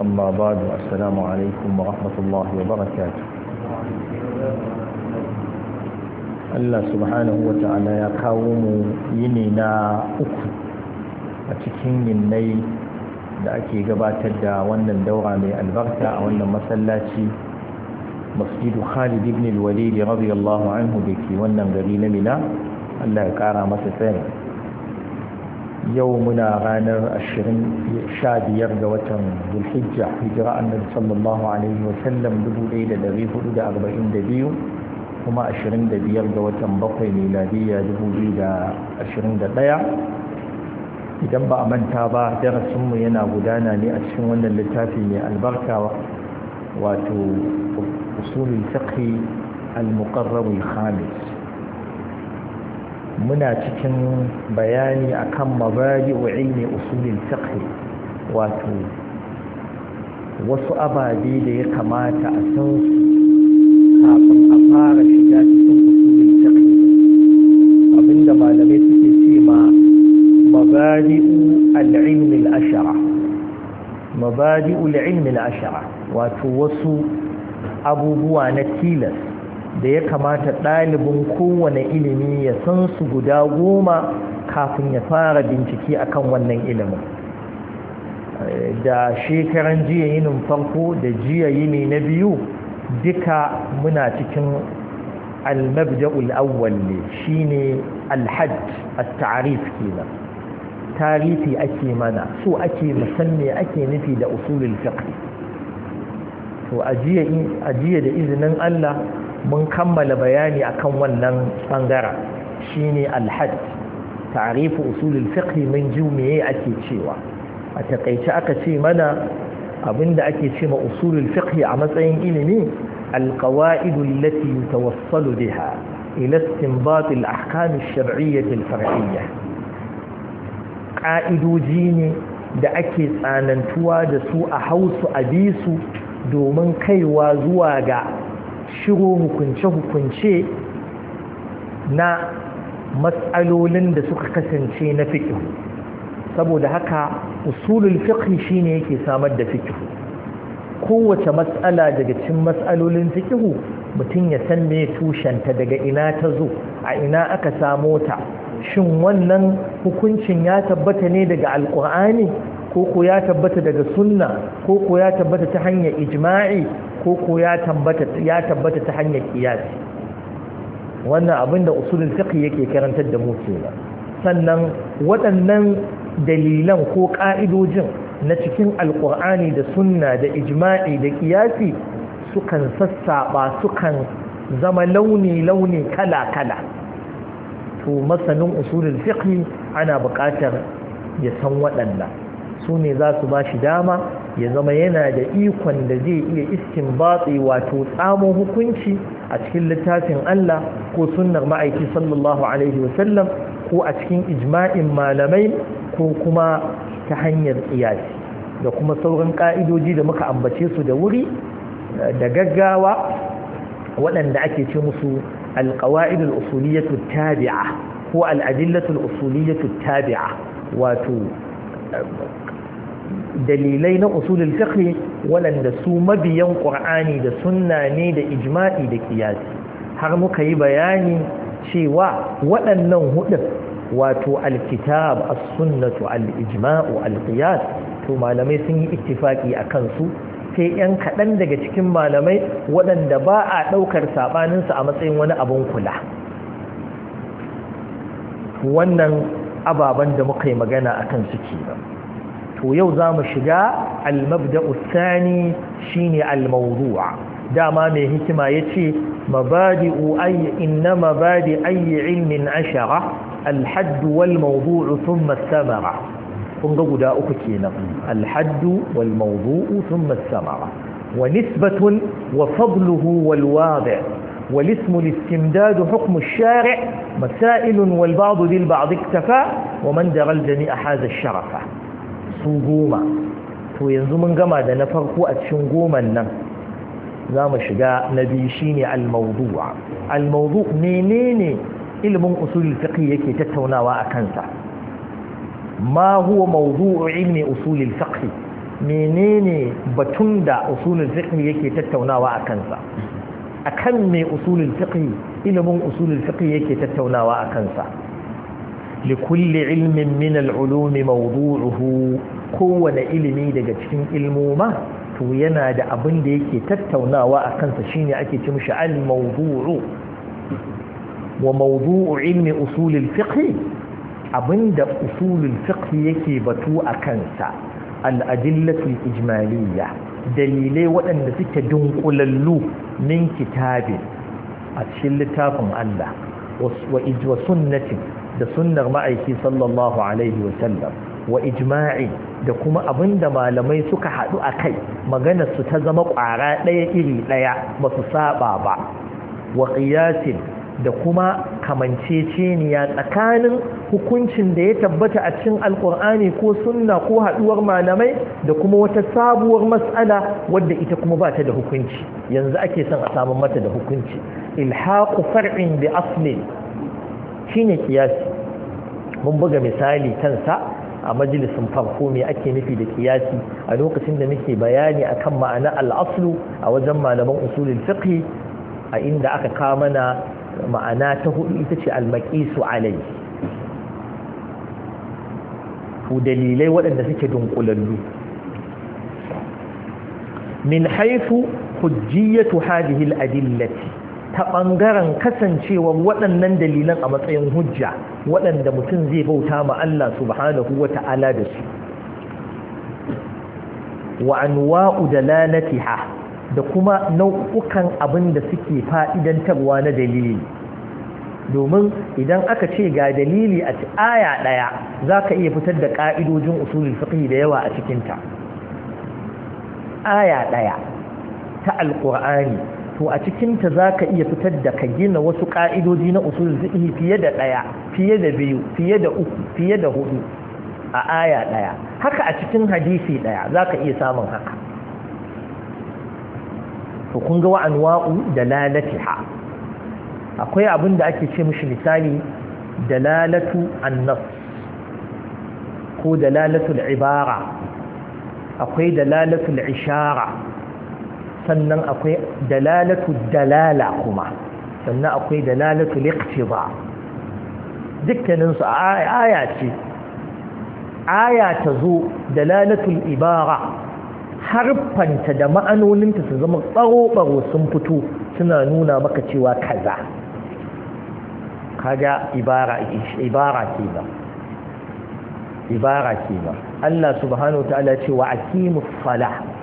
أما بعد السلام عليكم ورحمة الله وبركاته Allah subhanahu wa ta'ala ya kawo mu yini na uku a cikin yinnai da ake gabatar da wannan daura mai albarka a wannan masallaci masjidu Khalid ibn al-Walid radiyallahu anhu da ke wannan gari na Mina Allah ya kara masa tsari yau muna ranar 25 ga watan zulhijja hijira annabi sallallahu alaihi wasallam 1442 kuma 25 ga watan bakwai miladiyya 2021 idan ba a manta ba darasinmu yana gudana ne a cikin wannan littafi mai albarka wato usulul fiqh al-muqarrab al-khamis muna cikin bayani akan mabadi'u ilmi usulin fiqh wato wasu ababe da ya kamata a san su kafin a fara shiga cikin usulin fiqh abinda malamai suke ce ma mabadi'u al ashara mabadi'u al ashara wato wasu abubuwa na tilas da ya kamata ɗalibin kowane ilimi ya san su guda goma kafin ya fara bincike akan wannan ilimin da shekaran jiya yinin farko da jiya yini na biyu duka muna cikin almabda'ul awwal ne shine alhajj at-ta'rif kenan tarihi ake mana so ake musamman ake nufi da usulul fiqh to ajiya da izinin Allah mun kammala bayani akan wannan bangara shine alhad ta'rifu usulul fiqh min jumiye ake cewa a takaice aka ce mana abinda ake ce ma usulul fiqh a matsayin ilimi alqawaid allati yatawassalu biha ila istinbat alahkam ash-shar'iyyah al-far'iyyah ka'idoji ne da ake tsanantuwa da su a hausu a bisu domin kaiwa zuwa ga shiru hukunce-hukunce na matsalolin da suka kasance na fiƙi saboda haka usulul fiƙi shine yake samar da fiƙi kowace matsala daga cin matsalolin fiƙihu mutum ya san me tushenta daga ina ta zo a ina aka samo ta shin wannan hukuncin ya tabbata ne daga alƙur'ani koko ya tabbata daga sunna koko ya tabbata ta hanyar ijma'i koko ya tabbata ya tabbata ta hanyar qiyasi wannan abinda usulul fiqh yake karantar da mu kenan sannan waɗannan dalilan ko ka'idojin na cikin alqur'ani da sunna da ijma'i da qiyasi sukan sassaɓa, sukan zama launi launi kala kala to masanin usulul fiqh ana buƙatar ya san waɗannan su ne za su ba shi dama ya zama yana da ikon da zai iya iskin batsi wato tsamo hukunci a cikin littafin Allah ko sunnar ma'aiki sallallahu alaihi wasallam ko a cikin ijma'in malamai ko kuma ta hanyar iyali da kuma sauran ka'idoji da muka ambace su da wuri da gaggawa waɗanda ake ce musu alƙawa'idul usuliyatu tabi'a ko al'adillatul usuliyatu tabi'a wato dalilai na usulul fiqh waɗanda su mabiyan qur'ani da sunna ne da ijma'i da qiyasi har muka yi bayani cewa waɗannan hudun wato alkitab as sunnah al-ijma'u al-qiyas to malamai sun yi ittifaki akan su sai yan kaɗan daga cikin malamai waɗanda ba a ɗaukar saɓaninsu a matsayin wani abun kula wannan ababen da muka yi magana a kan su kenan يو زام الشجاع المبدأ الثاني شيني الموضوع دا ما مهيك ما يتشي مبادئ أي إن مبادئ أي علم عشرة الحد والموضوع ثم الثمرة انقب دا أكتين الحد والموضوع ثم الثمرة ونسبة وفضله والواضع والاسم الاستمداد حكم الشارع مسائل والبعض للبعض اكتفى ومن درى الجميع حاز الشرف su goma to yanzu mun gama da na farko a cikin goman nan za mu shiga na biyu shine al-mawdu'a al-mawdu' menene ilimin usul fiqh yake tattaunawa a kansa ma huwa mawdu'u ilmi usul menene batun da usul fiqh yake tattaunawa a kansa akan me usul fiqh ilmin usul fiqh yake tattaunawa a kansa لكل علم من العلوم موضوعه kowane ilimi daga cikin ilmoma to yana da abin da yake tattaunawa a kansa shine ake ce mishi al-mawdu'u wa mawdu'u ilmi usulul fiqh abinda usulul fiqh yake batu a kansa al-adillatul ijmaliyya dalilai waɗanda suke dunkulallu min kitabin a cikin littafin Allah wa sunnati da sunnar ma'aiki sallallahu alaihi wa sallam wa ijma'i da kuma abinda malamai suka haɗu a kai maganar su ta zama ƙwara ɗaya iri ɗaya ba su saba ba wa qiyasin da kuma kamanceceniya tsakanin hukuncin da ya tabbata a cikin alkur'ani ko sunna ko haɗuwar malamai da kuma wata sabuwar mas'ala wadda ita kuma ba ta da hukunci yanzu ake son a samun mata da hukunci ilhaqu far'in bi asli shine kiyasi mun buga misali kansa a majalisin farko me ake nufi da kiyasi a lokacin da muke bayani akan ma'ana al'aslu a wajen malaman usulul fiqh a inda aka kawo mana ma'ana ta hudu ita ce al-maqisu alai ku dalilai waɗanda suke dunkulallu min haifu hujjiyatu hadhihi al-adillati ta ɓangaren kasancewar waɗannan dalilan a matsayin hujja waɗanda mutum zai bauta ma Allah subhanahu wa ta'ala da su wa anwa'u dalalatiha da kuma nau'ukan abin da suke fa'idantarwa na dalili domin idan aka ce ga dalili a aya ɗaya za ka iya fitar da ƙa'idojin usuli fiqh da yawa a cikinta aya ɗaya ta alƙur'ani to a cikinta za ka iya fitar da ka gina wasu ƙa'idoji na usul zihi fiye da ɗaya fiye da biyu fiye da uku fiye da hudu a aya ɗaya haka a cikin hadisi ɗaya za ka iya samun haka to kun ga wa'an wa'u da ha, akwai abin da ake ce mishi misali lalatu annas ko da ibara akwai da ishara sannan akwai dalalatu dalala kuma sannan akwai dalalatu liqtiba dukkanin su aya ce aya ta zo dalalatul ibara harfanta da ma'anoninta su zama tsaro-baro sun fito suna nuna maka cewa kaza kaga ibara ibara ke ba ibara ke ba Allah subhanahu wa ta'ala ce wa aqimus salah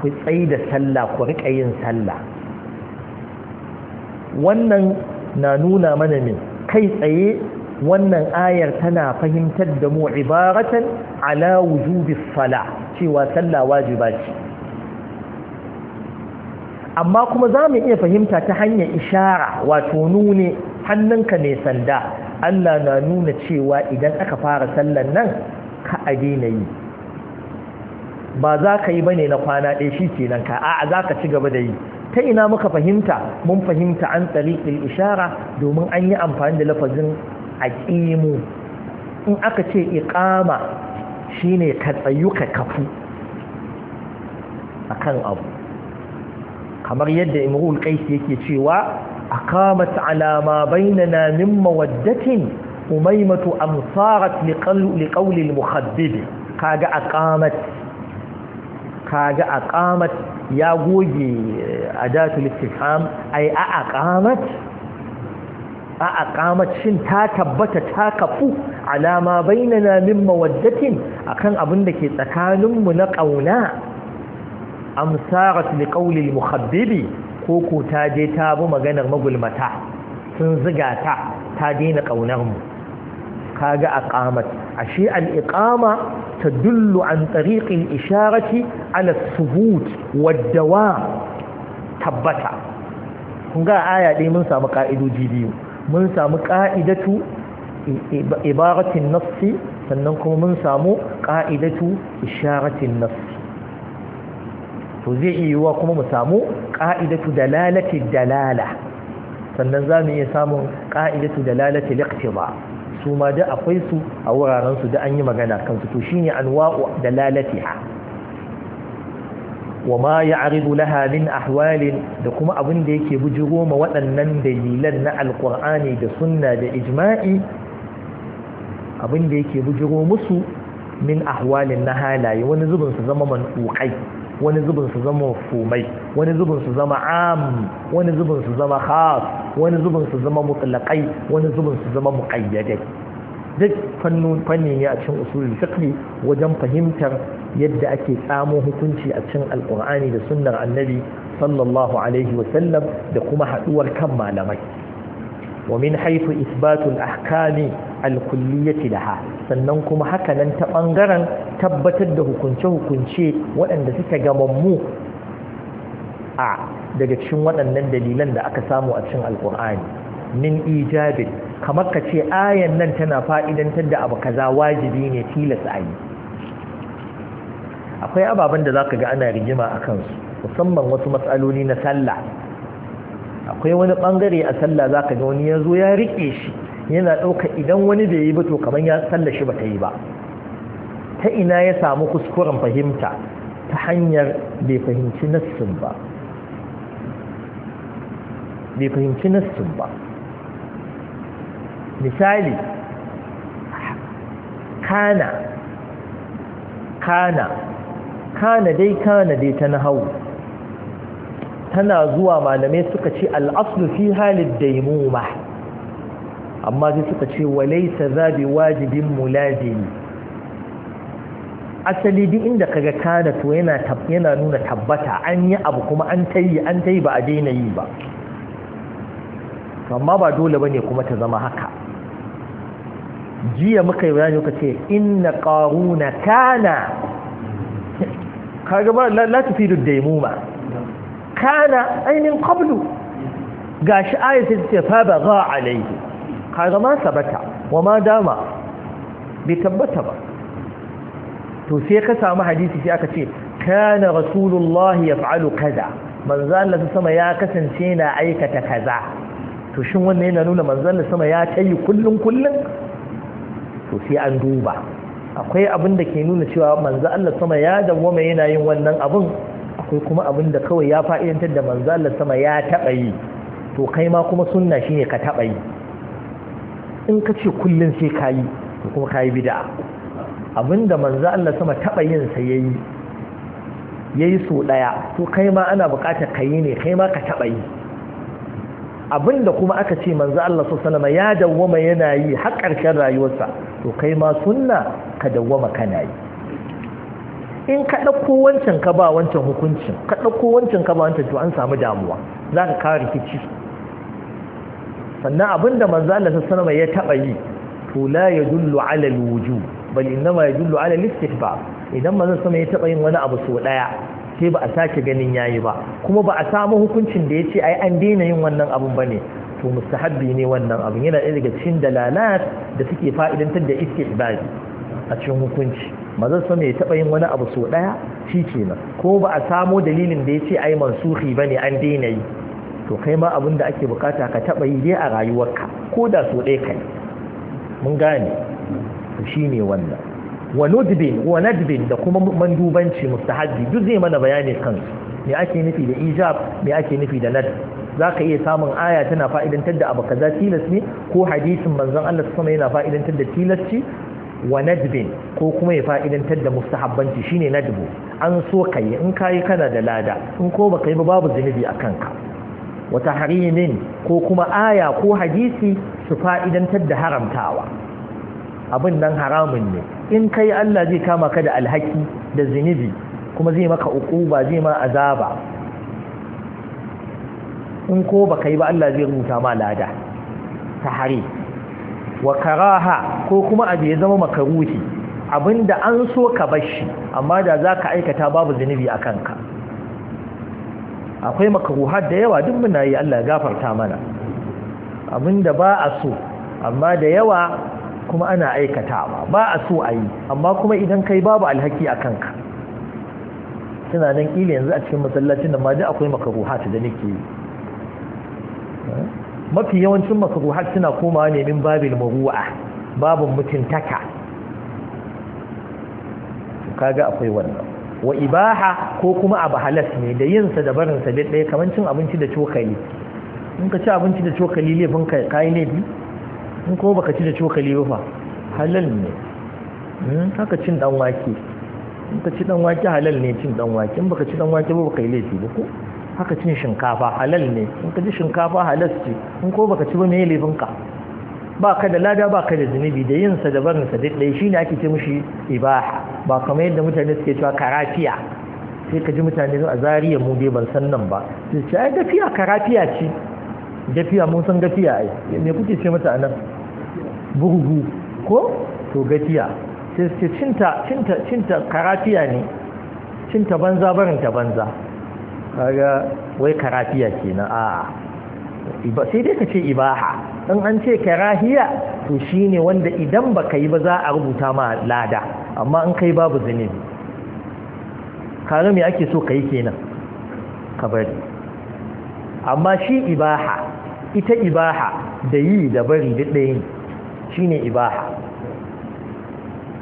ku tsayi da sallah ku riƙa yin sallah wannan na nuna mana ne kai tsaye wannan ayar tana fahimtar da mu ibaratan ala fala sala cewa sallah wajiba ce amma kuma za mu iya fahimta ta hanyar ishara wato nune hannunka mai sanda Allah na nuna cewa idan aka fara sallan nan ka a yi ba za ka yi bane na kwana ɗaya shi kenan ka a'a za ka ci gaba da yi ta ina muka fahimta mun fahimta an tsariƙil ishara domin an yi amfani da lafazin aƙimu in aka ce iƙama shine ka tsayu ka kafu akan abu kamar yadda imrul qais yake cewa aqamat ala bai na namin mawaddatin umaimatu amsarat liqawli al-mukhaddib a kamata. kaga aqamat ya goge eh, adatul istifham ai a aqamat a aqamat shin ta tabbata ta kafu alama bainana min mawaddatin akan abin da ke tsakaninmu mu na kauna amsarat al mukhabbibi ko ko ta je ta bi maganar magulmata sun zigata ta ta daina kaunar mu kaga aqamat ashe al'iƙama ta dullu an tsariƙin isharati ala subut waddawa tabbata kun ga aya ɗaya mun samu ƙa'idoji biyu mun samu ƙa'idatu ibaratin nafsi sannan kuma mun samu ƙa'idatu isharatin nafsi to zai iya kuma mu samu ƙa'idatu dalalati dalala sannan za mu iya samun ƙa'idatu dalalati ba. su ma da akwai su a wuraren su da an yi magana kansu to shine anwa'u dalalatiha wa ma ya'ridu laha min ahwalin da kuma abin da yake bujiro ma waɗannan dalilan na alqur'ani da sunna da ijma'i abin da yake bujiro musu min ahwalin na halaye wani zubin su zama mantuƙai wani zubin su zama mafhumai wani zubin su zama am wani zubin su zama khas wani zubin su zama mutlaqai wani zubin su zama muqayyadai duk fannin fanni ne a cikin usulul fiqh wajen fahimtar yadda ake tsamo hukunci a cikin alqur'ani da sunnar annabi sallallahu alaihi wa sallam da kuma haduwar kan malamai ومن حيث إثبات الأحكام الكلية لها ta ɓangaren tabbatar da hukunce-hukunce كنشي وأن تتجا ممو a daga cikin waɗannan dalilan da aka samu a cikin alkur'ani min ijabin kamar ka ce ayan nan tana fa'idantar da abu kaza wajibi ne tilas ayi. akwai ababen da za ka ga ana rigima a kansu musamman wasu matsaloli na sallah akwai wani bangare a sallah zaka ga wani yazo ya rike shi yana dauka idan wani bai yi ba to kaman ya sallah shi bata yi ba ta ina ya samu kuskuren fahimta ta hanyar bai fahimci nassin ba bai fahimci nassin ba misali kana kana kana dai kana dai ta nahawu tana zuwa malamai suka ce al'aslu fi halin daimuma amma zai suka ce walaisa zabi wajibin mulazimi asali duk inda kaga kana to yana nuna tabbata an yi abu kuma an tayi an ba a daina yi ba amma ba dole ne kuma ta zama haka jiya muka yi bayani muka ce inna qaruna kana kaga ba la daimuma kana ainihin ga shi ayatul ce fa baga alaihi kaga ma sabata wa ma dama bai tabbata ba to sai ka samu hadisi sai aka ce kana rasulullahi fa'alu kaza manzo Allah sama ya kasance na aikata kaza to shin wannan yana nuna manzo Allah sama ya tayi kullun kullun to sai an duba akwai abin da ke nuna cewa manzo Allah sama ya dawwama yana yin wannan abin akwai kuma abin da kawai ya fa'idantar da manzo Allah sama ya taɓa yi to kai ma kuma sunna shine ka taɓa yi in ka ce kullum sai ka yi to kuma ka yi bida abin da manzo Allah sama taɓa yin sa ya yi ya yi so ɗaya to kai ma ana buƙatar ka yi ne kai ma ka taɓa yi abin da kuma aka ce manzo Allah sallama ya dawwama yana yi har ƙarshen rayuwarsa to kai ma sunna ka dawwama kana yi in ka ɗauko wancan ka ba wancan hukuncin ka ɗauko wancan ka ba wancan to an samu damuwa za ka kawo rikici sannan abinda manzo Allah sassana mai ya taɓa yi to la ya dullu ala wuju, bal ma dullu alal ala ba, idan manzo sama ya taɓa yin wani abu so ɗaya, sai ba a sake ganin yayi ba kuma ba a samu hukuncin da ya ai an daina yin wannan abun ne, to mustahabbi ne wannan abun yana ɗaya daga cikin dalalat da suke fa'idantar da istihbab a cikin hukunci mazan sama ya taɓa yin wani abu so ɗaya shi ke nan ko ba a samo dalilin da ya ce ai mansuhi ba ne an daina yi to kai ma abin da ake bukata ka taɓa yi dai a rayuwarka ko da so ɗaya kai mun gane shi ne wannan wa nudbin wa da kuma mandubanci mustahabbi duk zai mana bayani kansu me ake nufi da ijab me ake nufi da nad za ka iya samun aya tana fa'idantar da abu kaza tilas ne ko hadisin manzon Allah sama yana fa'idantar da tilas ci? wa najbin ko kuma ya fa'idantar da mustahabbanci shine najbu an so yi in kayi kana da lada in ko ka yi ba babu zunubi a kanka wa tahrimin ko kuma aya ko hadisi su fa'idantar da haramtawa abin nan haramun ne in kai Allah zai kama ka da alhaki da zunubi kuma zai maka uquba zai ma azaba in ko ka yi ba Allah zai rubuta ma lada hari. wa karaha ko kuma abu ya zama makaruhi abinda an so ka bashi amma da za ka aikata babu zunubi a kanka akwai makaruhar da yawa duk muna yi Allah gafarta mana abinda ba a so amma da yawa kuma ana aikatawa ba a so a yi amma kuma idan kai babu alhaki a kanka suna nan ƙila yanzu a cikin masallacin da ma akwai makaruhat da nake yi mafi yawancin makaruhat suna komawa ne min babil maru'a babin mutuntaka kaga akwai wannan wa ibaha ko kuma abu halas ne da yinsa da barinsa bai ɗaya kamar cin abinci da cokali in ka ci abinci da cokali laifin ka kayi laifi in kuma baka ci da cokali ba fa halal ne hmm, haka cin dan wake in ka ci dan wake halal ne cin dan wake in baka ci dan wake ba baka yi laifi ba ko haka cin shinkafa halal ne in ka ji shinkafa halal ce in ko baka ci ba me ka. ba ka da lada ba ka da zunubi da yin sa da barin sa duk ɗaya shine ake ce mushi ibaha ba kamar yadda mutane suke cewa karafiya sai ka ji mutane a zariya mu dai ban san nan ba sai ce ai gafiya karafiya ce gafiya mun san gafiya ai me kuke ce mata anan bugu ko to gafiya sai ce cinta cinta cinta karafiya ne cinta banza barin ta banza kaga wai karafiya kenan a'a sai dai ka ce ibaha in an ce karahiya to shine wanda idan baka yi ba za a rubuta ma lada amma in kai babu zunubi kaga me ake so kai kenan ka bari amma shi ibaha ita ibaha da yi da bari duk ɗaya shine ibaha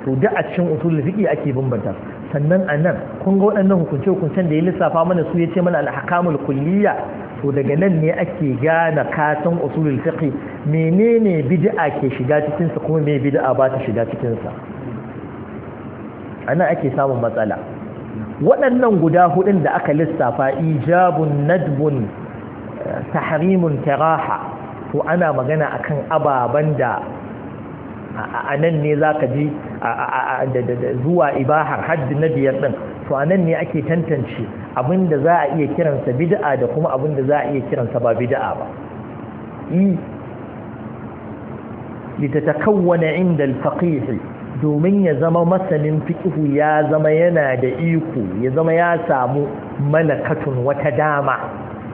to da a cikin usul fiqi ake bambanta sannan a nan kun ga waɗannan hukunce-hukuncen da ya lissafa mana su ya ce mana alhakamul kulliya to daga nan ne ake gane katon usulul fiqh menene bid'a ke shiga cikin sa kuma me bid'a ba ta shiga cikin sa anan ake samun matsala waɗannan guda hudun da aka lissafa ijabun nadbun tahrimun karaha to ana magana akan ababan da a nan ne zaka ji zuwa ibahar haddi na biyar ɗin. to nan ne ake tantance abinda za a iya kiransa bid'a da kuma abinda za a iya kiransa ba bid'a ba لتتكون عند الفقيه domin ya zama masanin fikihu ya zama yana da iko ya zama ya samu malakatun wata dama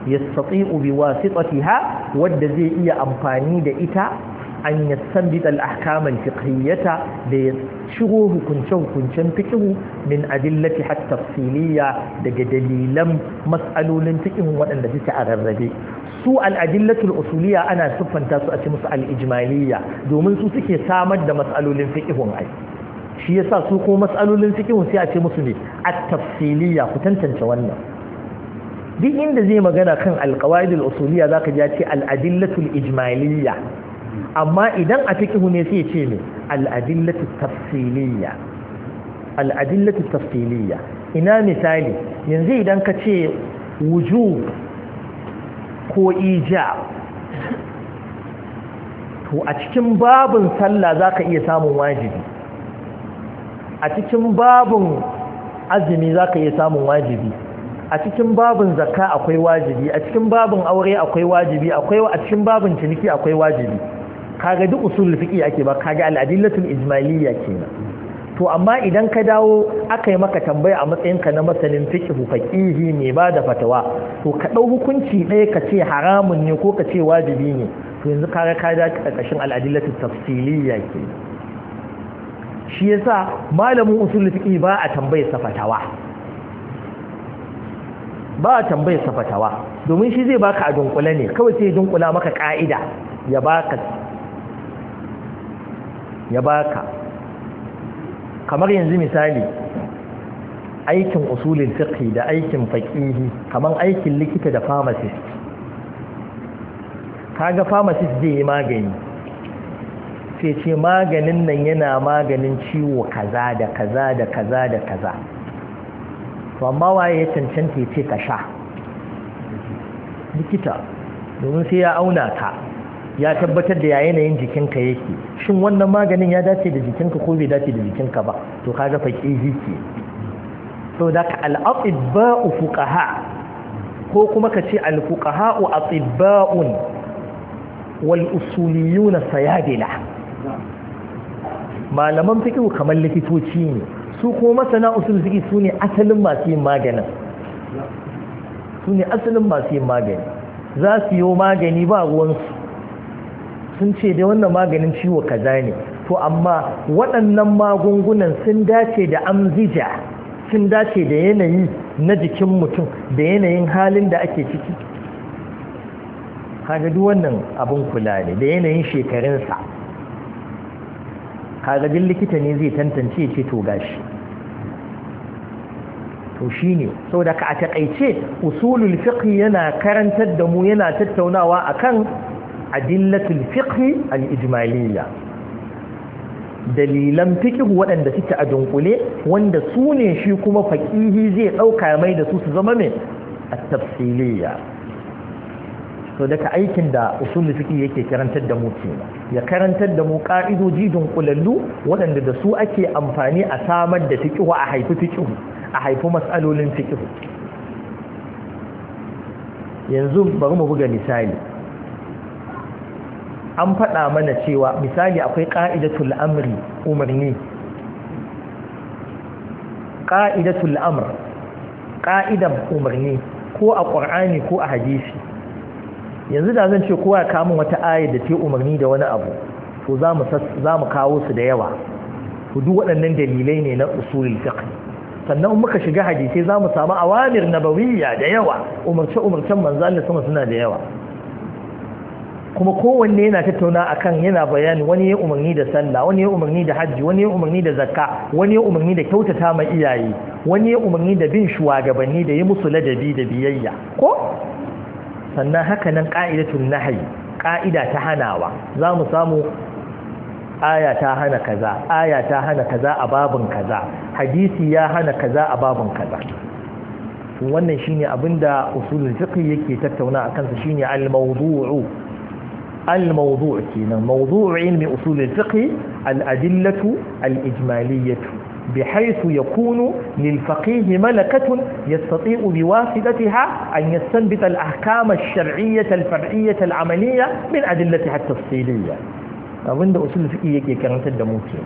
ya satsi'u bi wasitatiha wadda zai iya amfani da ita an yastanbita al ahkaman fiqhiyyata da ya shigo hukunce-hukuncen fiqhu min adillati hatta tafsiliya daga dalilan mas'alolin fiqhu waɗanda suke a rarrabe su al usuliya ana siffanta su a ce musu al domin su suke samar da mas'alolin fiqhun ai shi yasa su ko mas'alolin fiqhun sai a ce musu ne at-tafsiliyya ku tantance wannan duk inda zai magana kan al usuliya usuliyya zaka ji ya ce al amma idan a fiqh ne sai ce ne al-adillatu tafsiliyya al-adillatu tafsiliyya ina misali yanzu idan ka ce wujub ko ijab to a cikin babin sallah zaka iya samun wajibi a cikin babin azumi zaka iya samun wajibi a cikin babin zakka akwai wajibi a cikin babin aure akwai wajibi akwai a cikin babin ciniki akwai wajibi kaga duk usulul fiqi ake ba kaga al-adillatul ijmaliyya kenan to amma idan ka dawo aka maka tambaya a matsayinka na masanin fiqh faqihi mai ba da fatawa to ka dau hukunci ɗaya ka ce haramun ne ko ka ce wajibi ne to yanzu kaga ka da karkashin al-adillatul tafsiliyya kenan shi yasa malamin usulul fiqi ba a tambaye sa fatawa ba a tambaye sa fatawa domin shi zai baka a dunkula ne kawai sai dunkula maka ka'ida ya baka ya baka kamar yanzu misali aikin usulin fiqh da aikin faqihi kamar aikin likita da pharmacist kaga pharmacist zai yi magani sai ce maganin nan yana maganin ciwo kaza da kaza da kaza da kaza to amma waye ya cancanta ya ce ka sha likita domin sai ya auna ka ya tabbatar da ya yanayin jikinka yake shin wannan maganin ya dace da jikinka ko bai dace da jikinka ba to kaga faqihi ke so da ka al-atibba fuqaha ko kuma ka ce al-fuqaha atibba'un wal usuliyuna sayadila malaman fiqhu kamar likitoci ne su ko masana usul su ne asalin masu yin maganin su ne asalin masu yin magani za su yi magani ba ruwansu sun ce dai wannan maganin ciwo kaza ne to amma waɗannan magungunan sun dace da amzija sun dace da yanayi na jikin mutum da yanayin halin da ake ciki kaga duk wannan abin kula ne da yanayin shekarunsa kaga duk likita ne zai tantance ce to gashi to shine saboda ka a takaice usulul fiqh yana karantar da mu yana tattaunawa akan adillatul fiqhi al-ijmaliyya dalilan fiqh waɗanda suke a dunkule wanda su ne shi kuma faqihi zai dauka mai da su su zama mai at-tafsiliyya to daga aikin da usul fiqh yake karantar da mu kenan ya karantar da mu ka'idoji dunkulallu waɗanda da su ake amfani a samar da fiqh a haifi fiqh a haifi mas'alolin fiqh yanzu bari mu buga misali an faɗa mana cewa misali akwai ƙa'idatul amri umarni ƙa'idatul amr ƙa'idan umarni ko a ƙwar'ani ko a hadisi yanzu da zan ce kowa ya kamun wata ayar da ta umarni da wani abu to za mu kawo su da yawa Hudu waɗannan dalilai ne na usulul fiqh sannan muka shiga hadisai za mu samu awamir nabawiyya da yawa umarce umarcen manzo Allah sama suna da yawa kuma kowanne yana tattauna akan yana bayani wani ya umarni da sallah wani ya umarni da hajji wani ya umarni da zakka wani ya umarni da kyautata ma iyaye wani ya umarni da bin shugabanni da yi musu ladabi da biyayya ko sannan haka nan ka'idatul nahyi ka'ida ta hanawa za mu samu aya ta hana kaza aya ta hana kaza a babin kaza hadisi ya hana kaza a babin kaza wannan shine abinda usulul fiqh yake tattauna akan sa shine al-mawdu'u الموضوع كينا موضوع علم أصول الفقه الأدلة الإجمالية بحيث يكون للفقيه ملكة يستطيع بواسطتها أن يستنبط الأحكام الشرعية الفرعية العملية من أدلتها التفصيلية أظن أصول الفقه يكي كانت الدموكي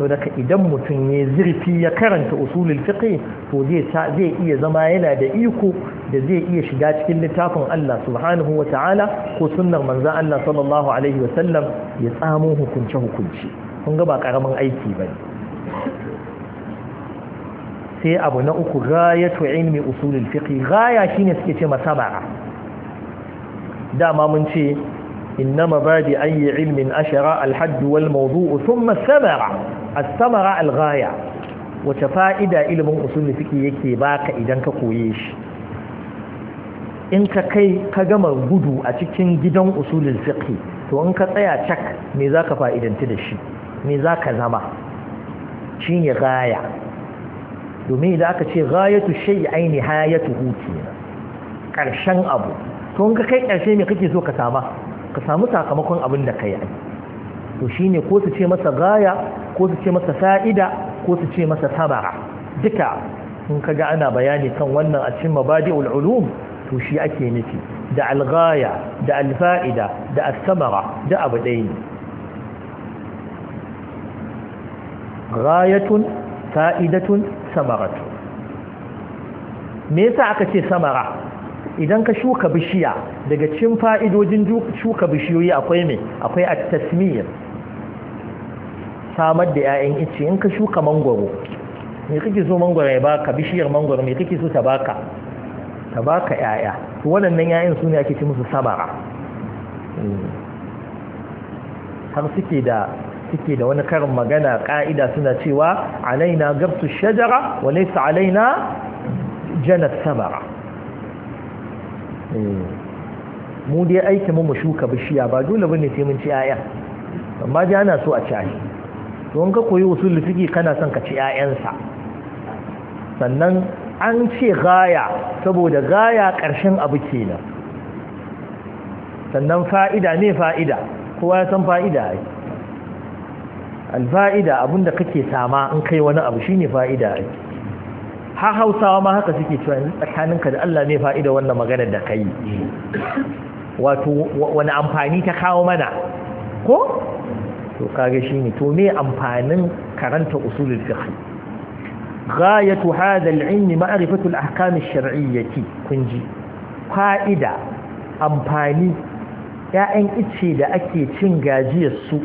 so daga idan mutum ya zurfi ya karanta usulul fiqh to zai zai iya zama yana da iko da zai iya shiga cikin littafin Allah subhanahu wata'ala ko sunnar manzon Allah sallallahu alaihi wasallam ya tsamo hukunce hukunci kun ga ba karamin aiki bane sai abu na uku to ilmi usulul fiqh Gaya shine suke ce masabara dama mun ce إنما بعد أي علم أشرى الحد والموضوع ثم الثمرة as-samara al-ghaya wace fa'ida ilimin usulul fiqh yake baka idan ka koye shi in ka kai ka gama gudu a cikin gidan usulul fiqh to in ka tsaya cak me zaka fa'idanta da shi me zaka zama shine ghaya domin idan aka ce ghayatu aini hayatu kenan karshen abu to in ka kai karshe me kake so ka sama ka samu sakamakon abin da kai to shine ko su ce masa gaya ko su ce masa fa'ida ko su ce masa tabara duka in ka ga ana bayani kan wannan a cikin mabadi ulum to shi ake nufi da alghaya da alfa'ida da as da abu ɗaya ne ghayatun fa'idatun samaratu me yasa aka ce samara idan ka shuka bishiya daga cin fa'idojin shuka bishiyoyi akwai me akwai a tasmir samar da 'ya'yan ice in ka shuka mangwaro me kake so mangwaro ya baka bishiyar mangwaro me kake so ta baka ta baka 'ya'ya to waɗannan 'ya'yan su ne ake ci musu sabara hmm. har suke da suke da wani karin magana ka'ida suna cewa alaina gabtu shajara wa laysa alaina janat sabara hmm. mu dai aiki mu mu shuka bishiya ba dole bane sai mun ci 'ya'ya amma jana ana so a ci don ka koyi usul lufiki kana son ka ci 'ya'yansa sannan an ce gaya saboda gaya ƙarshen abu kenan sannan fa'ida ne fa'ida kowa ya san fa'ida ai alfa'ida abinda kake sama in kai wani abu shine fa'ida ai ha hausawa ma haka suke cewa yanzu tsakaninka da Allah ne fa'ida wannan magana da kai wato wani amfani ta kawo mana ko to kage shine to me amfanin karanta usulul fiqh غاية هذا العلم معرفة الأحكام الشرعية كنجي Fa'ida, amfani, ‘ya'yan ice da ake cin gajiyarsu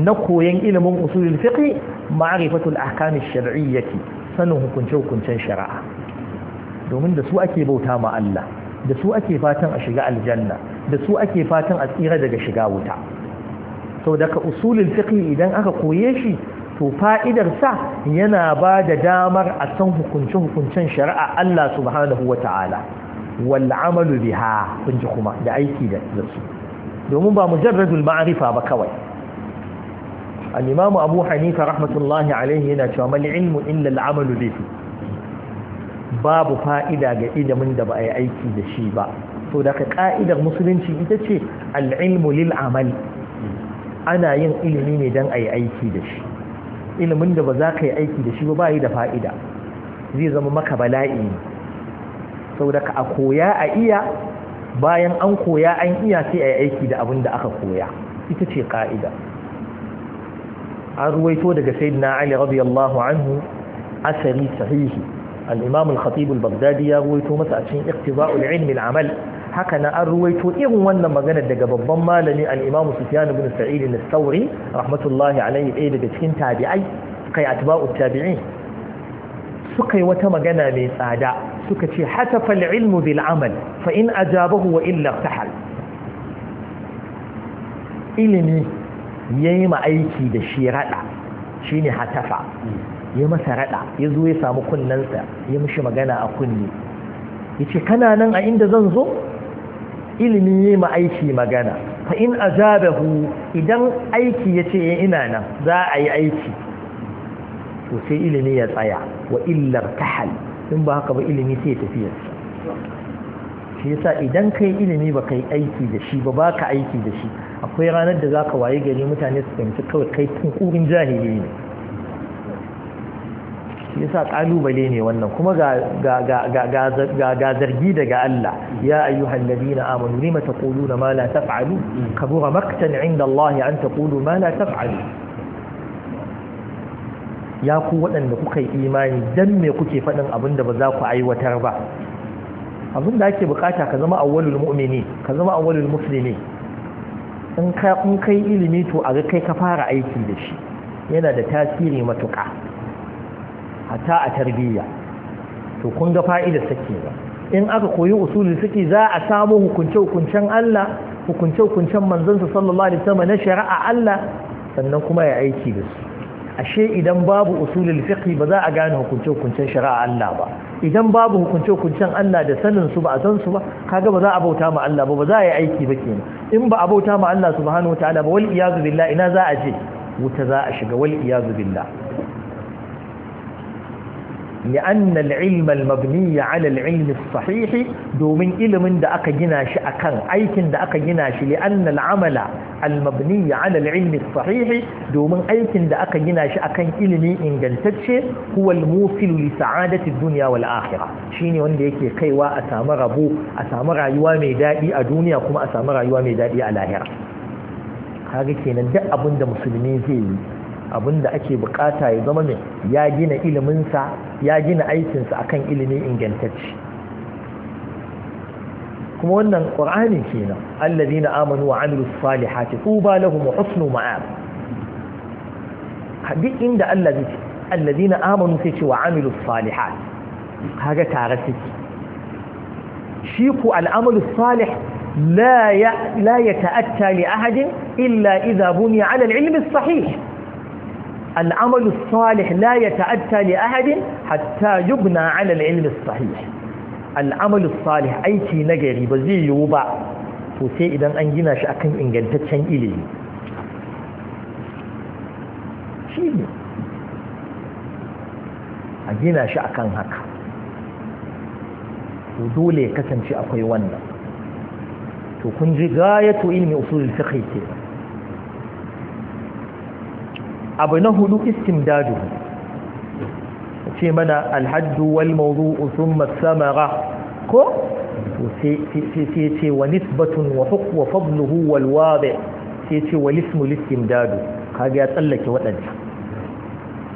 na koyan ilimin usulul al-ahkam ahkamin shar'iyyati sanin hukunce-hukuncen shari'a domin da su ake bauta ma Allah da su ake fatan a shiga aljanna da su ake fatan a tsira daga shiga wuta sau daga usulin fiqh idan aka koye shi to fa'idar sa yana ba da damar a san hukunce-hukuncen shari'a Allah subhanahu wa ta'ala wal'amalu biha ji kuma da aiki da su domin ba mujarradul ma'arifa ba kawai al'imamu abu hanifa rahmatullahi alaihi yana cewa mali ilmu illa al'amalu bihi babu fa'ida ga ilimin da ba a yi aiki da shi ba to daga ka'idar musulunci ita ce al-cilmu lil lil'amali ana yin ilimi ne don a yi aiki da shi ilimin da ba za ka yi aiki da shi ba yi da fa'ida zai zama maka bala'i ne da ka a koya a iya bayan an koya an iya sai a yi aiki da abin da aka koya ita ce ka'ida an ruwaito daga sayyidina ali radiyallahu anhu asari sahihi al-imam al-khatib ya ruwaito masa a cikin iqtiba'ul ilmi al-amal haka na an ruwaito irin wannan magana daga babban malami al-Imam Sufyan ibn Sa'id al-Thawri rahmatullahi alayhi ɗaya daga cikin tabi'ai kai atba'u tabi'in suka yi wata magana mai tsada suka ce hatafa al-ilmu bil amal fa in ajabahu wa illa tahal ilimi yayi ma aiki da shi rada shine hatafa ya masa rada ya zo ya samu kunnansa ya mishi magana a kunne yace kana nan a inda zan zo ilimin yi ma aiki magana fa in ajabahu idan aiki ya ce eh, ina nan za a yi aiki to sai ilimi ya tsaya wa illar tahal in ba haka ba ilimi sai tafiya shi yasa idan kai ilimi ba kai aiki da shi ba baka aiki da shi akwai ranar da zaka waye gari mutane su fahimci kawai kai tun kurin jahili ne yasa kalubale ne wannan kuma ga zargi daga Allah ya ayyuhan ladina amanu lima taquluna ma la taf'alu kabura maktan 'inda Allah an taqulu ma la taf'alu ya ku waɗanda kuka yi imani dan me kuke faɗin abin da ba za ku aiwatar ba abin da ake bukata ka zama awwalul mu'mini ka zama awwalul muslimi in ka kai ilimi to a ga kai ka fara aiki da shi yana da tasiri matuƙa hatta a tarbiyya to kun ga fa'idar saki ba in aka koyi usulul suke za a samu hukunce hukuncen Allah hukunce hukuncen manzansa sallallahu alaihi wasallam na shari'a Allah sannan kuma ya aiki da su ashe idan babu usulul fiqh ba za a gane hukunce hukuncen shari'a Allah ba idan babu hukunce hukuncen Allah da sanin su ba a san su ba kaga ba za a bauta ma Allah ba ba za a yi aiki ba kenan in ba a bauta ma Allah subhanahu wataala ba wal iyazu billah ina za a je wuta za a shiga wal iyazu billah لأن العلم المبني على العلم الصحيح دومين إلم دا أكا جناش أكان أيكن دا أكا جناش لأن العمل المبني على العلم الصحيح دومين أيكن دا أكا جناش أكان إلمي إن جلتكش هو الموصل لسعادة الدنيا والآخرة شيني وان ديكي قيوا أسامر أبو أسامر عيوامي دائي أدوني كما أسامر عيوامي دائي على هرا هذا كينا دا أبن دا مسلمين زيلي abinda ake bukata ya zama mai ya gina iliminsa ya gina aikinsa akan ilimi ingantacci, kuma wannan ƙur'ani kenan allazina amanu wa amilus salihati tuba lahum wa husnu ma'ab duk inda Allah zai allazina amanu sai ce wa amilus salihat kaga tare suke shi ku al'amalus salih la ya la li ahadin illa idza buniya ala al-ilm al'amalu salih layata atta ne li ahadin hatta yubna ala al-ilmi sahih al'amalu salih aiki nagari ba zai yiwu ba to sai idan an gina shi akan ingantaccen ilimi shi ne a gina shi akan haka to dole kasance akwai wannan to kun ji abu na hudu dadu. ce mana alhaddu wal mawdu'u thumma samara ko sai ce wa nisbatun wa hukm wa fadluhu wal wadi sai ce wa lismu listimdadu kaga ya tsallake waɗanda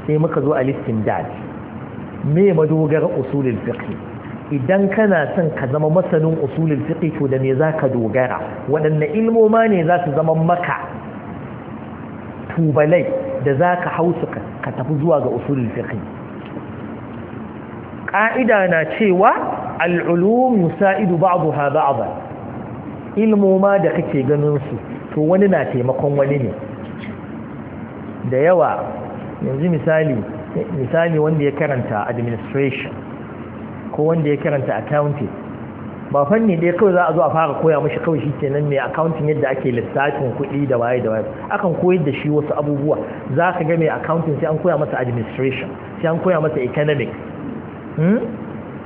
sai muka zo a listimdad me madogar usulul fiqh idan kana son ka zama masanin usulul fiqh to da me zaka dogara waɗanne ilmoma ne za su zama maka tubalai da za ka hausu ka tafi zuwa ga usulun fiƙi ƙa'ida na cewa al'ulum yusa'idu ba'daha ba'dan ilmo ma da kake ganin su to wani na taimakon wani ne da yawa yanzu misali misali wanda ya karanta administration ko wanda ya karanta accounting ba fanni dai kawai za a zo a fara koya mashi kawai shi kenan mai accounting yadda ake lissafin kuɗi da waye da waye akan koyar da shi wasu abubuwa za ka ga mai accounting sai an koya masa administration sai an koya masa economic hmm?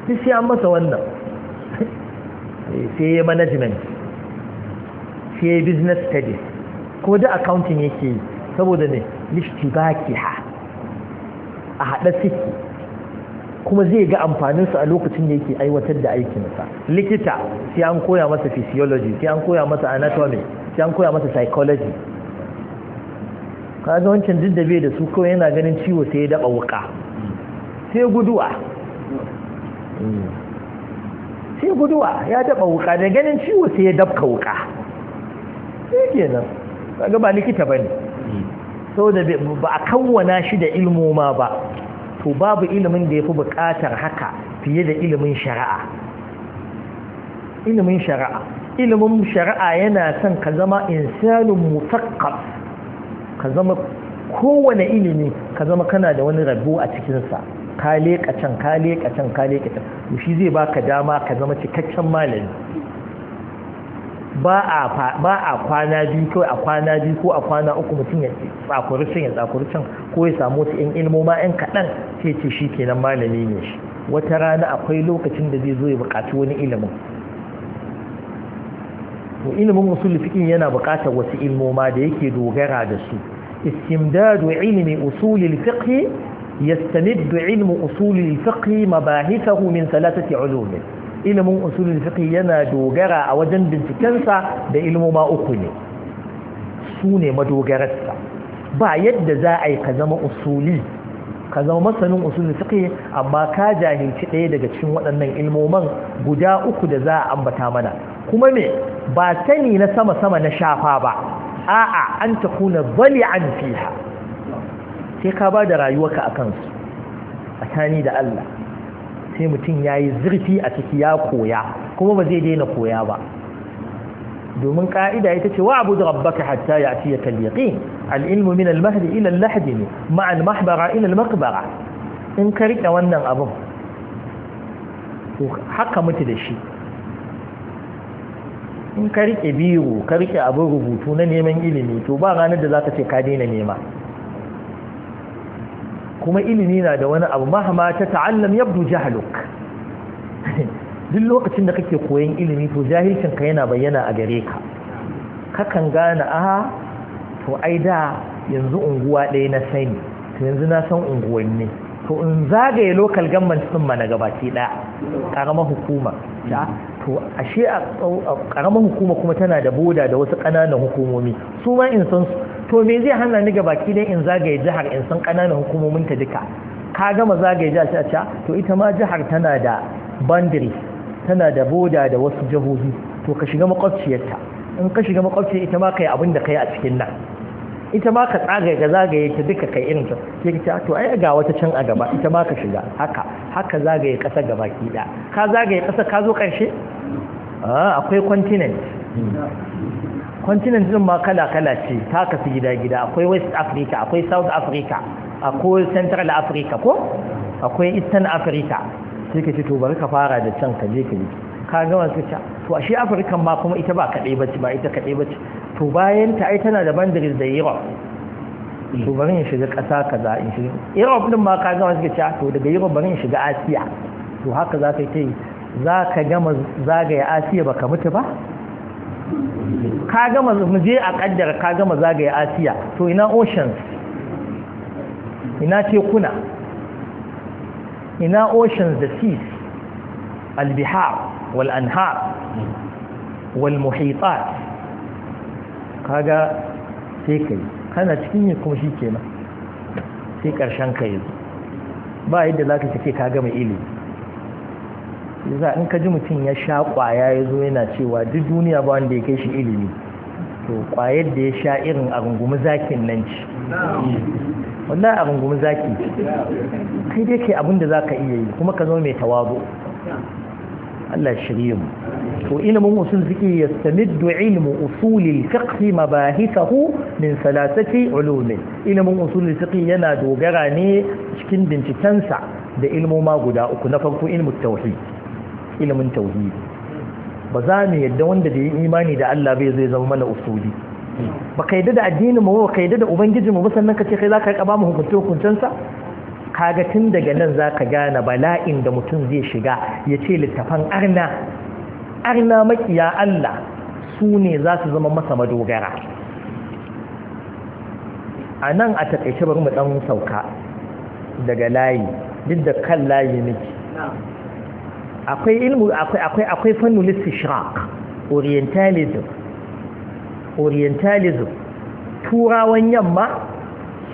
sai an masa wannan sai ya management sai ya business studies ko da accounting yake yi saboda ne lishti ki ha a haɗa ciki kuma zai ga amfaninsu a lokacin da yake aiwatar da aikinsa likita sai an koya masa physiology sai an koya masa anatomy sai an koya masa psychology kaga wancan duk da bai da su kawai yana ganin ciwo sai ya daba wuka sai guduwa sai guduwa ya daba wuka da ganin ciwo sai ya dabka wuka sai kenan kaga ba likita bane saboda ba a kawwana shi da ilmoma ba to babu ilimin da ya fi buƙatar haka fiye da ilimin shari'a ilimin shari'a ilimin shari'a yana son ka zama insanin mutakkaf ka zama kowane ilimi ka zama kana da wani rabu a cikinsa ka leƙa can ka leƙa can ka shi zai baka dama ka zama cikakken malami ba a kwana biyu kawai a kwana biyu ko a kwana uku mutum ya tsakuri sun ya tsakuri can ko ya samu wasu yan ilmo ma yan kaɗan sai ce shi kenan malami ne shi wata rana akwai lokacin da zai zo ya buƙaci wani ilimin ilimin usul fiqh yana buƙatar wasu ilmoma da yake dogara da su istimdadu ilmi usul fiqh yastamiddu ilmu usul fiqh mabahisahu min thalathati ulum ilimin usulul fiqh yana dogara a wajen bincikensa da ilmoma uku ne su ne madogararsa ba yadda za a yi ka zama usuli ka zama masanin usulul fiqh amma ka jahilci ɗaya daga cikin waɗannan ilmoman guda uku da za a ambata mana kuma me ba sani na sama sama na shafa ba a'a an takuna an fiha sai ka ba da rayuwarka a kansu a tani da Allah sai mutum ya yi zurfi a ciki ya koya kuma ba zai daina koya ba domin ka'ida ita ce wa abu da rabbaka hatta ya ci ya kalyaƙi al'ilmu min al-mahdi ila al-lahdi ne ma al-mahbara ila al-maqbara in ka riƙe wannan abin to haka mutu da shi in ka riƙe biro ka riƙe abin rubutu na neman ilimi to ba ranar da za ka ce ka daina nema kuma ilimi na da wani abu mahama ta ta'allam yabdu jahaluk duk lokacin da kake koyon ilimi to jahilcin ka yana bayyana a gare ka kakan gane aha to ai da yanzu unguwa ɗaya na sani to yanzu na san unguwanni to in zagaye lokal government din mana gabaki ɗaya ƙaramar hukuma da to ashe a ƙaramar hukuma kuma tana da boda da wasu ƙananan hukumomi su ma in san su to me zai hana ni gabaki dai in zagaye jihar in san ƙananan hukumomin ta duka ka gama zagaye jihar ta ca to ita ma jihar tana da bandiri tana da boda da wasu jihohi to ka shiga makwabciyarta in ka shiga makwabciyar ita ma kai abin da kai a cikin nan ita ma ka tsagaye ga zagaye ta duka kai irin ta sai ka to ai ga wata can a gaba ita ma ka shiga haka haka zagaye ƙasa gabaki ɗaya ka zagaye ƙasa ka zo ƙarshe ah, akwai continent continent din ma kala-kala ce ta kasu gida-gida akwai west africa akwai south africa akwai central africa ko akwai eastern africa sai ka ce to bari ka fara da can ka je ka yi ka gama su ca to a shi afirkan ma kuma ita ba kaɗai ba ce ba ita kaɗai ba ce to bayan ta ai tana da bandiris da europe to bari in shiga ƙasa kaza in shiga europe din ma ka gama su ca ah, to daga europe bari in shiga asiya to haka za ka yi ta yi za ka gama zagaya asiya ba ka mutu ba ka gama mu je a kaddara ka gama zagaye asiya to ina oceans ina tekuna ina oceans da seas albihar wal anhar wal muhitat kaga sai kai kana cikin ne kuma shi kenan sai karshen ka ba yadda za ka ka gama ilimi za in ka ji mutum ya sha kwaya ya zo yana cewa duk duniya ba wanda ya kai shi ilimi to kwayar da ya sha irin a rungumi zakin nan ci wannan a rungumi zaki kai dai kai abin da za ka iya yi kuma ka zo mai tawazo Allah shirye mu to ilimin usul fiqh yastamiddu ilmu usul al-fiqh mabahithahu min salasati ina ilimin usul fiqh yana dogara ne cikin bincikensa da ilmoma guda uku na farko ilmu tauhid ilimin tauhidi ba za mu yadda wanda da yi imani da Allah bai zai zama mana usuli ba ka yadda da addinin mu ba ka yadda da ubangiji mu ba sannan ka ce kai za ka ba mu hukunce ka kaga tun daga nan za ka gane bala'in da mutum zai shiga ya ce littafan arna arna makiya Allah su ne za su zama masa madogara a nan a taƙaice bari mu ɗan sauka daga layi duk da kan layi miki akwai ilmu akwai akwai akwai fannul orientalism orientalism turawan yamma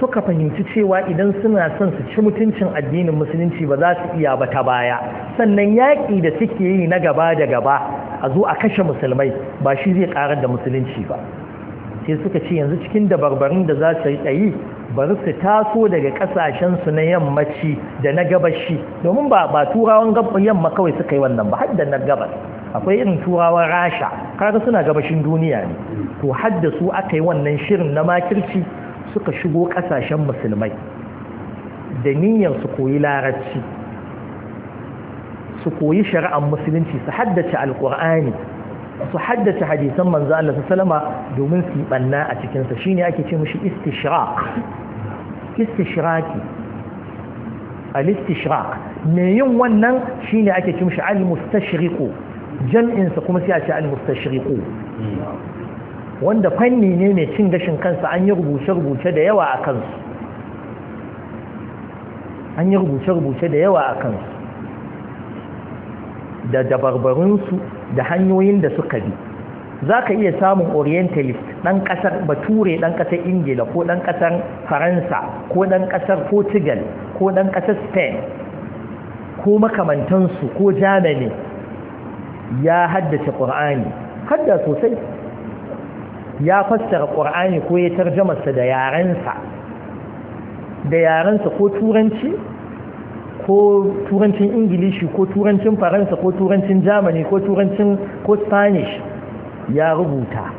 suka fahimci cewa idan suna son su ci mutuncin addinin musulunci ba za su iya ba ta baya sannan yaƙi da suke yi na gaba da gaba a zo a kashe musulmai ba shi zai karar da musulunci ba sai suka ce yanzu cikin dabarbarin da za su yi bari su taso daga kasashensu na yammaci da na gabashi domin ba turawan yamma kawai suka yi wannan ba hadda na gabas akwai irin turawan rasha kaga suna gabashin duniya ne to hadda su aka yi wannan shirin na makirci suka shigo kasashen musulmai da niyyar su koyi larabci su koyi shari'ar musulunci su haddace alkur'ani su haddace hadisan manzo Allah sallama domin su banna a cikin sa shine ake ce mishi istishraq istishraqi al-istishraq me yin wannan shine ake ce mishi al-mustashriqu jam'in sa kuma sai a ce al-mustashriqu wanda fanni ne mai cin gashin kansa an yi rubuce-rubuce da yawa a kansu an yi rubuce-rubuce da yawa a kansu da dabarbarunsu da hanyoyin da suka bi za ka iya samun orientalist ɗan ƙasar bature ɗan ƙasar ingila ko ɗan ƙasar faransa ko ɗan ƙasar portugal ko ɗan ƙasar spain ko makamantansu ko jamani ya haddace ƙur'ani hadda sosai ya fassara ƙur'ani ko ya tarjamasa da yarensa da yarensa ko turanci ko turancin ingilishi ko turancin faransa ko turancin Jamani, ko turancin ko spanish ya rubuta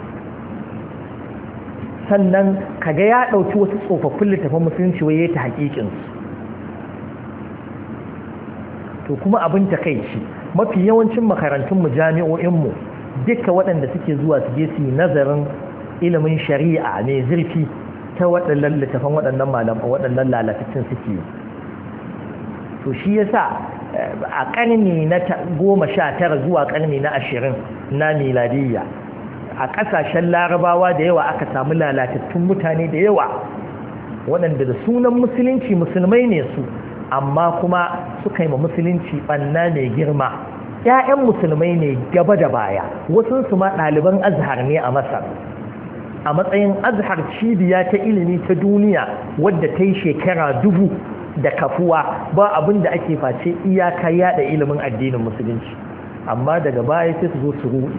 sannan kaga ya ɗauki wasu tsofaffin littafin musulunci waye ta hakikinsu to kuma abin ta kai shi mafi yawancin makarantunmu jami'o'inmu duka waɗanda suke zuwa su je su yi nazarin ilimin shari'a ne zurfi ta waɗannan littafan waɗannan malaman waɗannan lalatattun suke yi to shi yasa eh, a ƙarni na goma sha tara zuwa ƙarni na ashirin na miladiyya a ƙasashen larabawa da yawa aka samu lalatattun mutane da yawa waɗanda da sunan musulunci musulmai ne su amma kuma suka yi ma musulunci ɓanna mai girma ‘ya'yan musulmai ne gaba da baya wasu su ma ɗaliban azhar ne a masar a matsayin azhar cibiya ta ilimi ta duniya wadda ta yi shekara dubu da kafuwa ba abin da ake face iyaka yada ilimin addinin musulunci amma daga baya sai su zo su ruɗe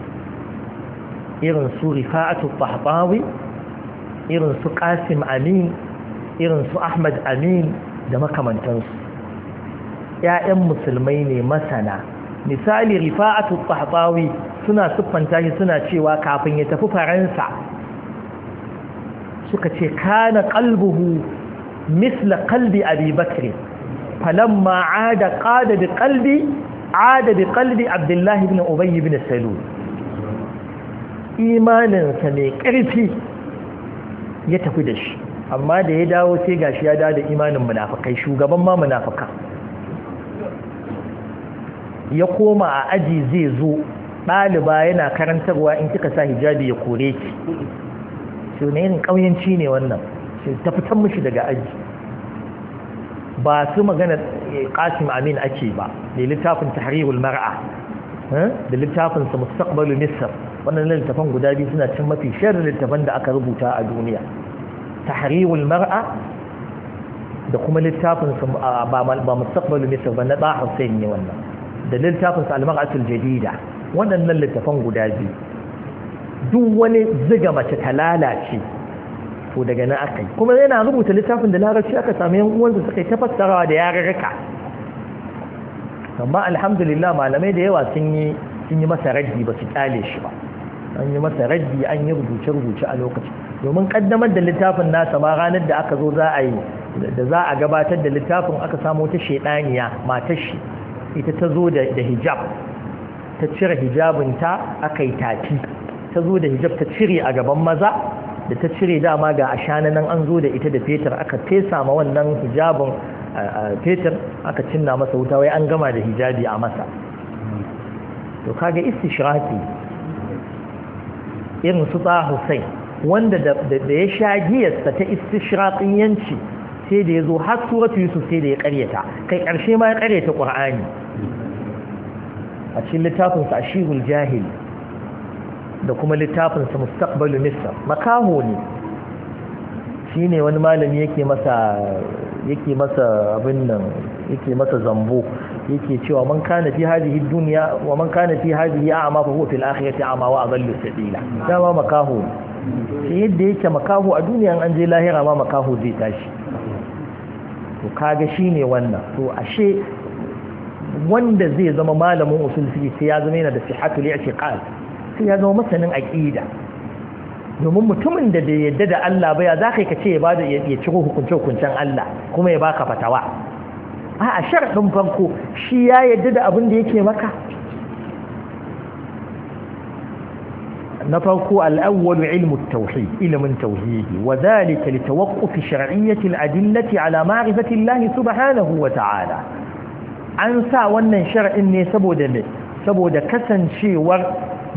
irin su rifa'atu fahbawi irin su qasim amin irin su ahmad amin da makamantansu Ƴaƴan musulmai ne masana misali rifa'atu fahbawi suna siffanta shi suna cewa kafin ya tafi faransa suka ce kana kalbuhu misla qalbi abi bakr falamma aada qada bi qalbi aada bi qalbi abdullah ibn salul imanin sa ne karfi ya tafi da shi amma da ya dawo sai gashi ya dawo da imanin munafikai shugaban ma munafika ya koma a aji zai zo ɗaliba yana karantarwa in kika sa hijabi ya kore ki to ƙauyanci ne wannan ce ta fitan mishi daga aji ba su magana Kasim eh, amin ake ba da littafin tahrirul mar'a eh, da littafin sa mustaqbalu misr wannan littafan guda biyu suna cin mafi sharri littafan da aka rubuta a duniya tahrirul mar'a da kuma littafin sa ba mustaqbalu misr ba na da Hussein ne wannan da littafin sa al-mar'atul jadida waɗannan littafan guda biyu duk wani ziga mace ta lalace to daga na aka yi kuma yana rubuta littafin da larabci aka sami yan uwansa suka yi da yarurruka amma alhamdulillah malamai da yawa sun yi sun yi masa raddi ba su kyale shi ba an yi masa raddi an yi rubuce-rubuce a lokaci domin kaddamar da littafin nasa ma ranar da aka zo za a yi da za a gabatar da littafin aka samu ta shaidaniya matar shi ita ta zo da hijab ta cire hijabinta aka yi tafi ta zo da hijab ta cire a gaban maza da ta cire dama ga a nan an zo da ita da fetur aka fesa ma wannan hijabin fetur aka cinna masa wuta wai an gama da hijabi a masa to kaga istishraki irin su ta Hussein wanda da ya sha giyarsa ta yanci sai da ya zo har suratu Yusuf sai da ya karyata kai karshe ma ya karyata ƙwar'ani a cikin littafinsa a shirin Jahili da kuma littafinsa mustaqbalu misr makaho ne shine wani malami yake masa yake masa abin nan yake masa zambo yake cewa man kana fi hadhihi dunya wa man kana fi hadhihi a'ma fa huwa fil akhirati a'ma wa adallu sabila dama makaho shi yadda yake makaho a duniya an je lahira ma makaho zai tashi to kaga shine wannan to ashe wanda zai zama malamin usul fiqh sai ya zama yana da sihhatul i'tiqad sai ya zama masanin aƙida domin mutumin da bai yadda da Allah ba ya za ka ka ce ya bada ya ciro hukunce-hukuncen Allah kuma ya baka fatawa a a sharɗin farko shi ya yadda da abin da yake maka na farko al'awwalu ilmu tauhid ilimin tauhidi wa zalika li tawaqqufi shar'iyyati al-adillati ala ma'rifati Allah subhanahu wa ta'ala an sa wannan shar'in ne saboda me saboda kasancewar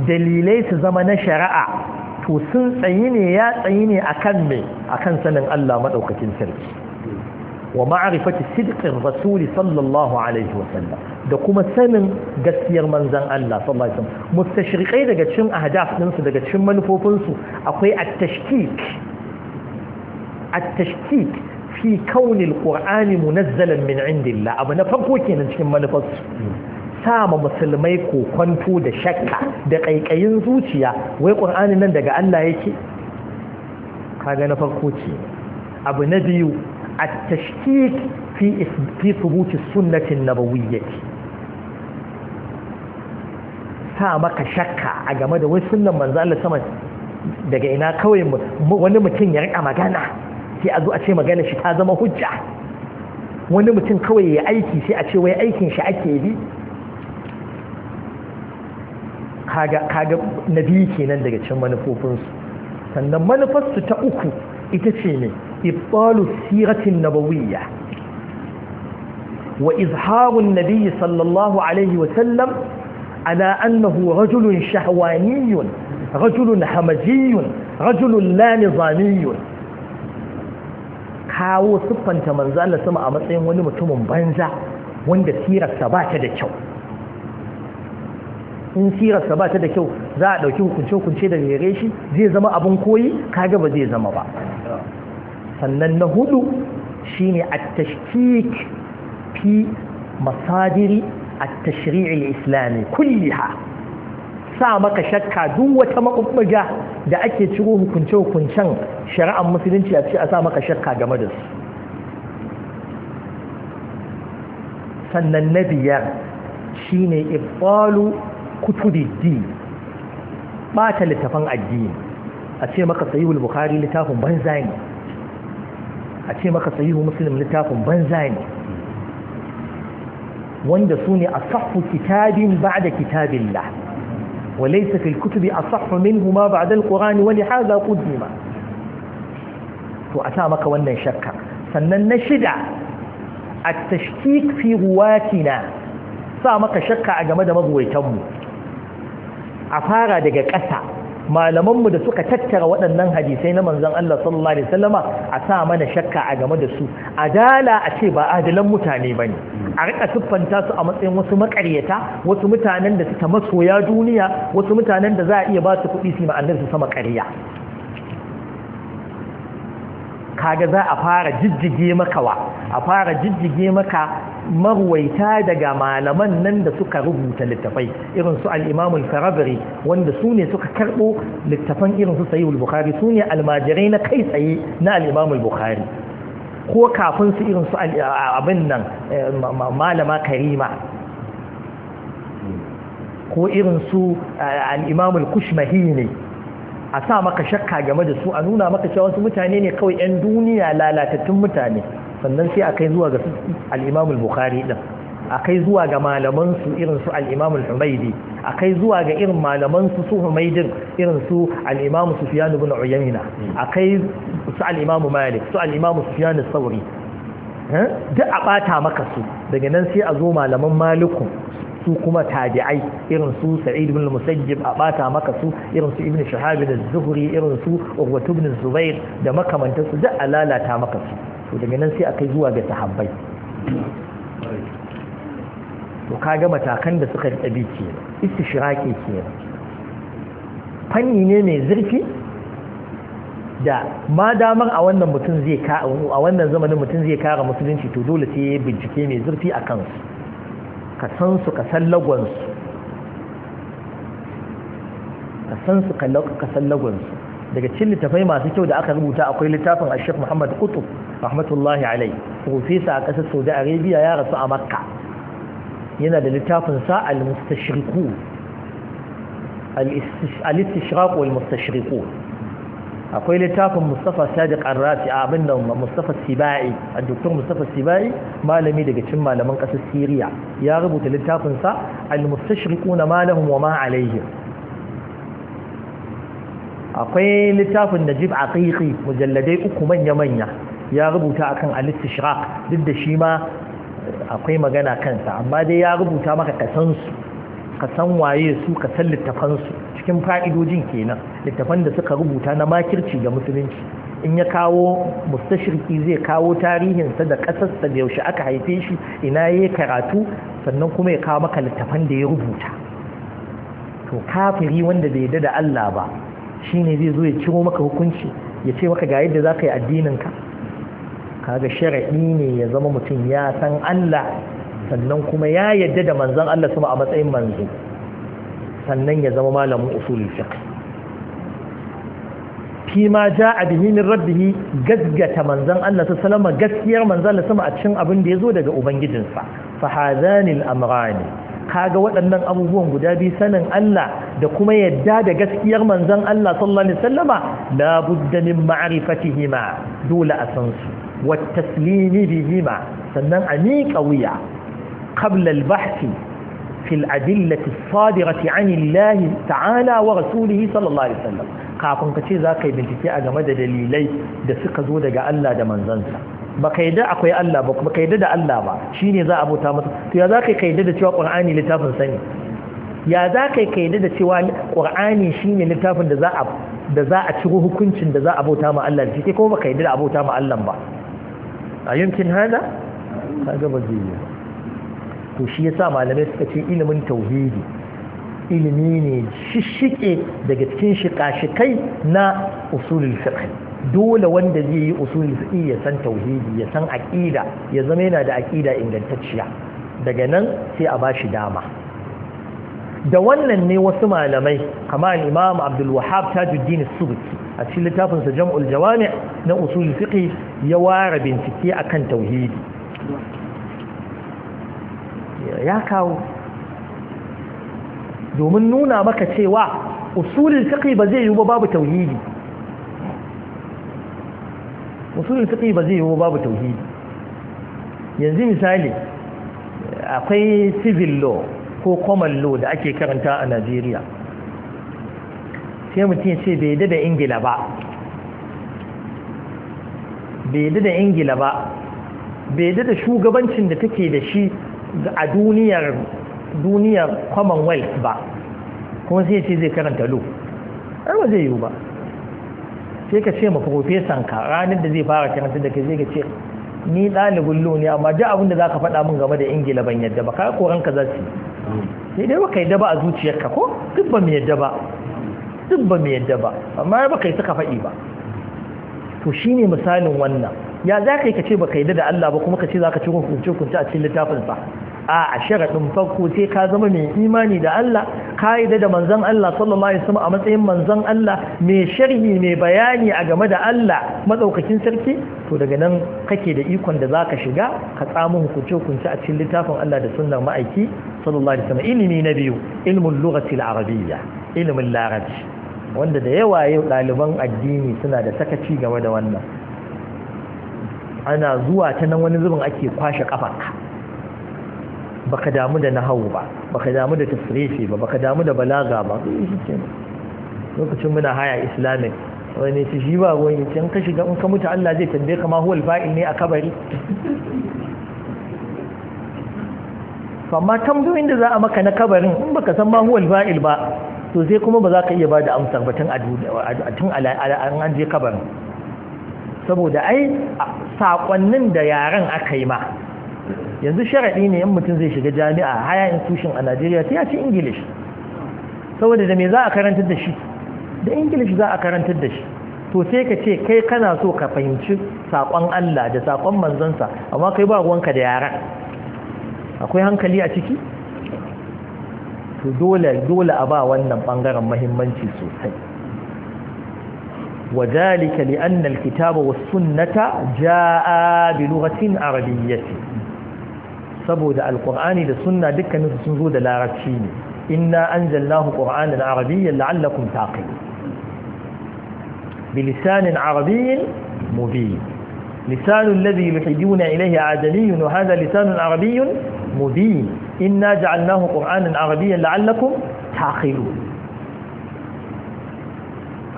dalilai su zama na shari'a to sun tsayi ne ya tsayi ne akan a akan sanin Allah maɗaukakin sarki wa ma'rifati sidqin rasuli sallallahu alaihi wa sallam da kuma sanin gaskiyar manzan Allah sallallahu alaihi wa sallam mustashriqai daga cin ahdaf din su daga cin manufofin su akwai at-tashkik at-tashkik fi kauni al-qur'ani munazzalan min indillah abu na farko kenan cikin manufarsu sama musulmai kwanto da shakka da ƙaiƙayin zuciya wai ƙur'ani nan daga Allah yake kaga na farko ce abu na biyu a tashkik fi fi thubuti na nabawiyyati sa maka shakka a game da wai sunnan manzo Allah sama daga ina kawai wani mutum ya rika magana sai a zo a ce magana shi ta zama hujja wani mutum kawai ya aiki sai a ce wai aikin shi ake bi kaga na biyu kenan daga cikin manufofinsu sannan manufarsu ta uku ita ce ne ibbalu siratin nabawiyya wa izharun nabiyyi sallallahu alaihi wasallam ala annahu rajulun shahwaniyun rajulun hamajiyun rajulun Lanizaniyun. kawo siffanta manzala sama a matsayin wani mutumin banza wanda sirarsa ba ta da kyau in sirarsa ba ta da kyau za a ɗauki hukunce-hukunce da gare shi zai zama abin koyi kaga ba zai zama ba sannan na hudu shine a tashkik fi masadiri a tashri islami kulli ha. sa maka shakka duk wata makubbaga da ake ciro hukunce-hukuncen shari'ar musulunci a ce a sa maka shakka game da su sannan na biyar shine ibtalu kutubi bata littafan addini a ce maka sahihul bukhari littafin banza ne a ce maka sahihul muslim littafin banza ne wanda su ne a safu kitabin ba da kitabin la وليس في الكتب أصح منهما بعد القرآن ولهذا قدم فأتامك وانا a سنن نشدع التشكيك sa maka shakka a game da تمو a fara daga ƙasa malamanmu da suka tattara waɗannan hadisai na manzon Allah sallallahu alaihi wasallama a sa mana shakka a game da su adala a ce ba adalan mutane bane a rika siffanta su a matsayin wasu makaryata wasu mutanen da suka masoya duniya wasu mutanen da za a iya ba su kuɗi su ma'anar su sama ƙarya kaga za a fara jijjige maka wa a fara jijjige maka marwaita daga malaman nan da suka rubuta littafai irin su al-Imam al-Farabri wanda su ne suka karbo littafan irin su Sahih bukhari su ne almajirai na kai tsaye na al-Imam al-Bukhari ko kafin su irin su abin nan eh, malama karima ko irin su eh, al-Imam al-Kushmahi ne a sa maka shakka game da su a nuna maka cewa wasu mutane ne kawai 'yan duniya lalatattun mutane sannan sai a kai zuwa ga al'imamul bukhari ɗin a kai zuwa ga malaman su irin su al'imamul humaidi a kai zuwa ga irin malaman su humaidin irin su al'imamu sufiyanu bin uyamina a kai su al'imamu malik su al'imamu sufiyanu sauri eh? duk a ɓata maka su daga nan sai a zo malaman malikun su kuma tabi'ai irin su sa'id ibn musayyib a bata maka su irin su ibn shahab da zuhri irin su uwat ibn zubair da makamantar su da alalata maka su to daga nan sai akai zuwa ga sahabbai to kaga matakan da suka rike bi ke istishraki ke fanni ne mai zurfi da ma damar a wannan mutum zai a wannan zamanin mutum zai kara musulunci to dole sai ya bincike mai zurfi a kansu ka san su ka san lagonsu ka san su ka san lagonsu daga cikin littafai masu kyau da aka rubuta akwai littafin ashef muhammad kutub rahmatullahi alai profesa a ƙasar saudi arabia ya rasu a makka yana da littafin sa al-mustashriku al-istishraku wal-mustashriku akwai littafin Mustafa Sadiq Arrafi a abin da Mustafa Sibai a doktor Mustafa Sibai malami daga cikin malaman ƙasar Siriya ya rubuta littafinsa sa al-mustashriquna ma lahum wa ma alaihim akwai littafin Najib Aqiqi mujalladai uku manya manya ya rubuta akan al-istishraq duk da shi ma akwai magana kansa amma dai ya rubuta maka kasan su kasan waye su kasan littafan su cikin fa'idojin kenan littafan da suka rubuta na makirci ga musulunci in ya kawo mustashirki zai kawo tarihinsa da ƙasarsa da yaushe aka haife shi ina ya karatu sannan kuma ya kawo maka littafan da ya rubuta to kafiri wanda bai yadda da Allah ba shine zai zo ya ciro maka hukunci ya ce maka ga yadda za ka yi addininka kaga shari'i ne ya zama mutum ya san Allah sannan kuma ya yadda da manzon Allah sama a matsayin manzo sannan ya zama malamin usulul fiqh fi ma jaa bihi min rabbih gaggata manzon Allah sallama gaskiyar manzon Allah wasallam a cikin abin da yazo daga ubangijinsa fa hadani al-amrani kaga waɗannan abubuwan guda biyu sanin Allah da kuma yadda da gaskiyar manzon Allah sallallahu alaihi wasallama la budda min ma'rifatihima dole a san su wa taslimi ma sannan a miƙa wuya qabla al bahth في الأدلة الصادرة عن الله تعالى kafin ka ce za ka yi bincike a game da dalilai da suka zo daga Allah da manzansa ba ka yadda akwai Allah ba ka yadda da Allah ba shi za a bauta masa to ya za ka yadda da cewa ƙwar'ani littafin sani ya za ka yadda da cewa ƙwar'ani shi littafin da za a ciro hukuncin da za a bauta ma Allah shi ke kuma ka yadda da abauta ma Allah ba a yankin hada ka ga ba to shi yasa malamai suka ce ilimin tauhidi ilimi ne shishike daga cikin shika-shikai na usulul fiqh dole wanda zai yi usulul fiqh ya san tauhidi ya san aqida ya zama yana da aqida ingantacciya daga nan sai a bashi dama da wannan ne wasu malamai kamar imam abdul wahab tajuddin subki a cikin littafinsa jam'ul jawami' na usulul fiqh ya ware bincike akan tauhidi ya kawo domin nuna maka cewa usulin fiƙi ba zai yi ba babu tauhidi usulin fiƙi ba zai yi ba babu tauhidi yanzu misali akwai civil law ko common law da ake karanta a Najeriya sai mutum ce bai yadda da Ingila ba bai yadda da Ingila ba bai yadda da shugabancin da take da shi a duniyar duniyar commonwealth ba kuma sai ce zai karanta lo ba zai yiwu ba sai ka ce ma profesan ka ranar da zai fara karanta da kai zai ce ni ɗalibin lo ne amma duk abin da za faɗa min game da ingila ban yadda ba ka koran ka za sai dai baka yadda ba a zuciyarka ko duk ba mu yadda ba duk ba mu yadda ba amma baka yi suka faɗi ba to shine misalin wannan ya za ka yi ka ce ba ka yi da Allah ba kuma ka ce za ka ci hukunce hukunce a cikin littafinsa a a sharaɗin farko sai ka zama mai imani da Allah ka yi da manzon Allah sallallahu alaihi wasallam a matsayin manzon Allah mai sharhi mai bayani a game da Allah madaukakin sarki to daga nan kake da ikon da za ka shiga ka tsamu hukunce hukunci a cikin littafin Allah da sunnar ma'aiki sallallahu alaihi wasallam ilimi na biyu ilmul lughati al-arabiyya ilmin larabci wanda da yawa yau ɗaliban addini suna da sakaci game da wannan ana zuwa ta nan wani zubin ake kwashe kafanka baka damu da nahawu ba baka damu da tafsirishi ba baka damu da balaga ba eh, lokacin muna haya islamic wani su shi ba wani can ka shiga in ka mutu Allah zai tambaye ka ma huwal fa'il ne a kabari amma tambayoyin da za a maka na kabarin in baka san ma huwal fa'il ba to sai kuma ba za ka iya ba da amsar ba tun a tun an je kabarin saboda ai saƙonnin da yaren aka yi ma yanzu sharaɗi ne in mutum zai shiga jami'a haya institution a najeriya sai ya ci Ingilishi. saboda da me za a karantar da shi da english za a karantar da shi to sai ka ce kai kana so ka fahimci sakon allah da saƙon manzansa amma kai ba ruwanka da yaren akwai hankali a ciki to dole dole a ba wannan bangaren mahimmanci sosai وذلك لأن الكتاب والسنة جاء بلغة عربية سبود القرآن للسنة دكا نفس سنجود لا إنا أنزلناه قرآنا عربيا لعلكم تعقلون بلسان عربي مبين لسان الذي يحيدون إليه عادلي وهذا لسان عربي مبين إنا جعلناه قرآنا عربيا لعلكم تعقلون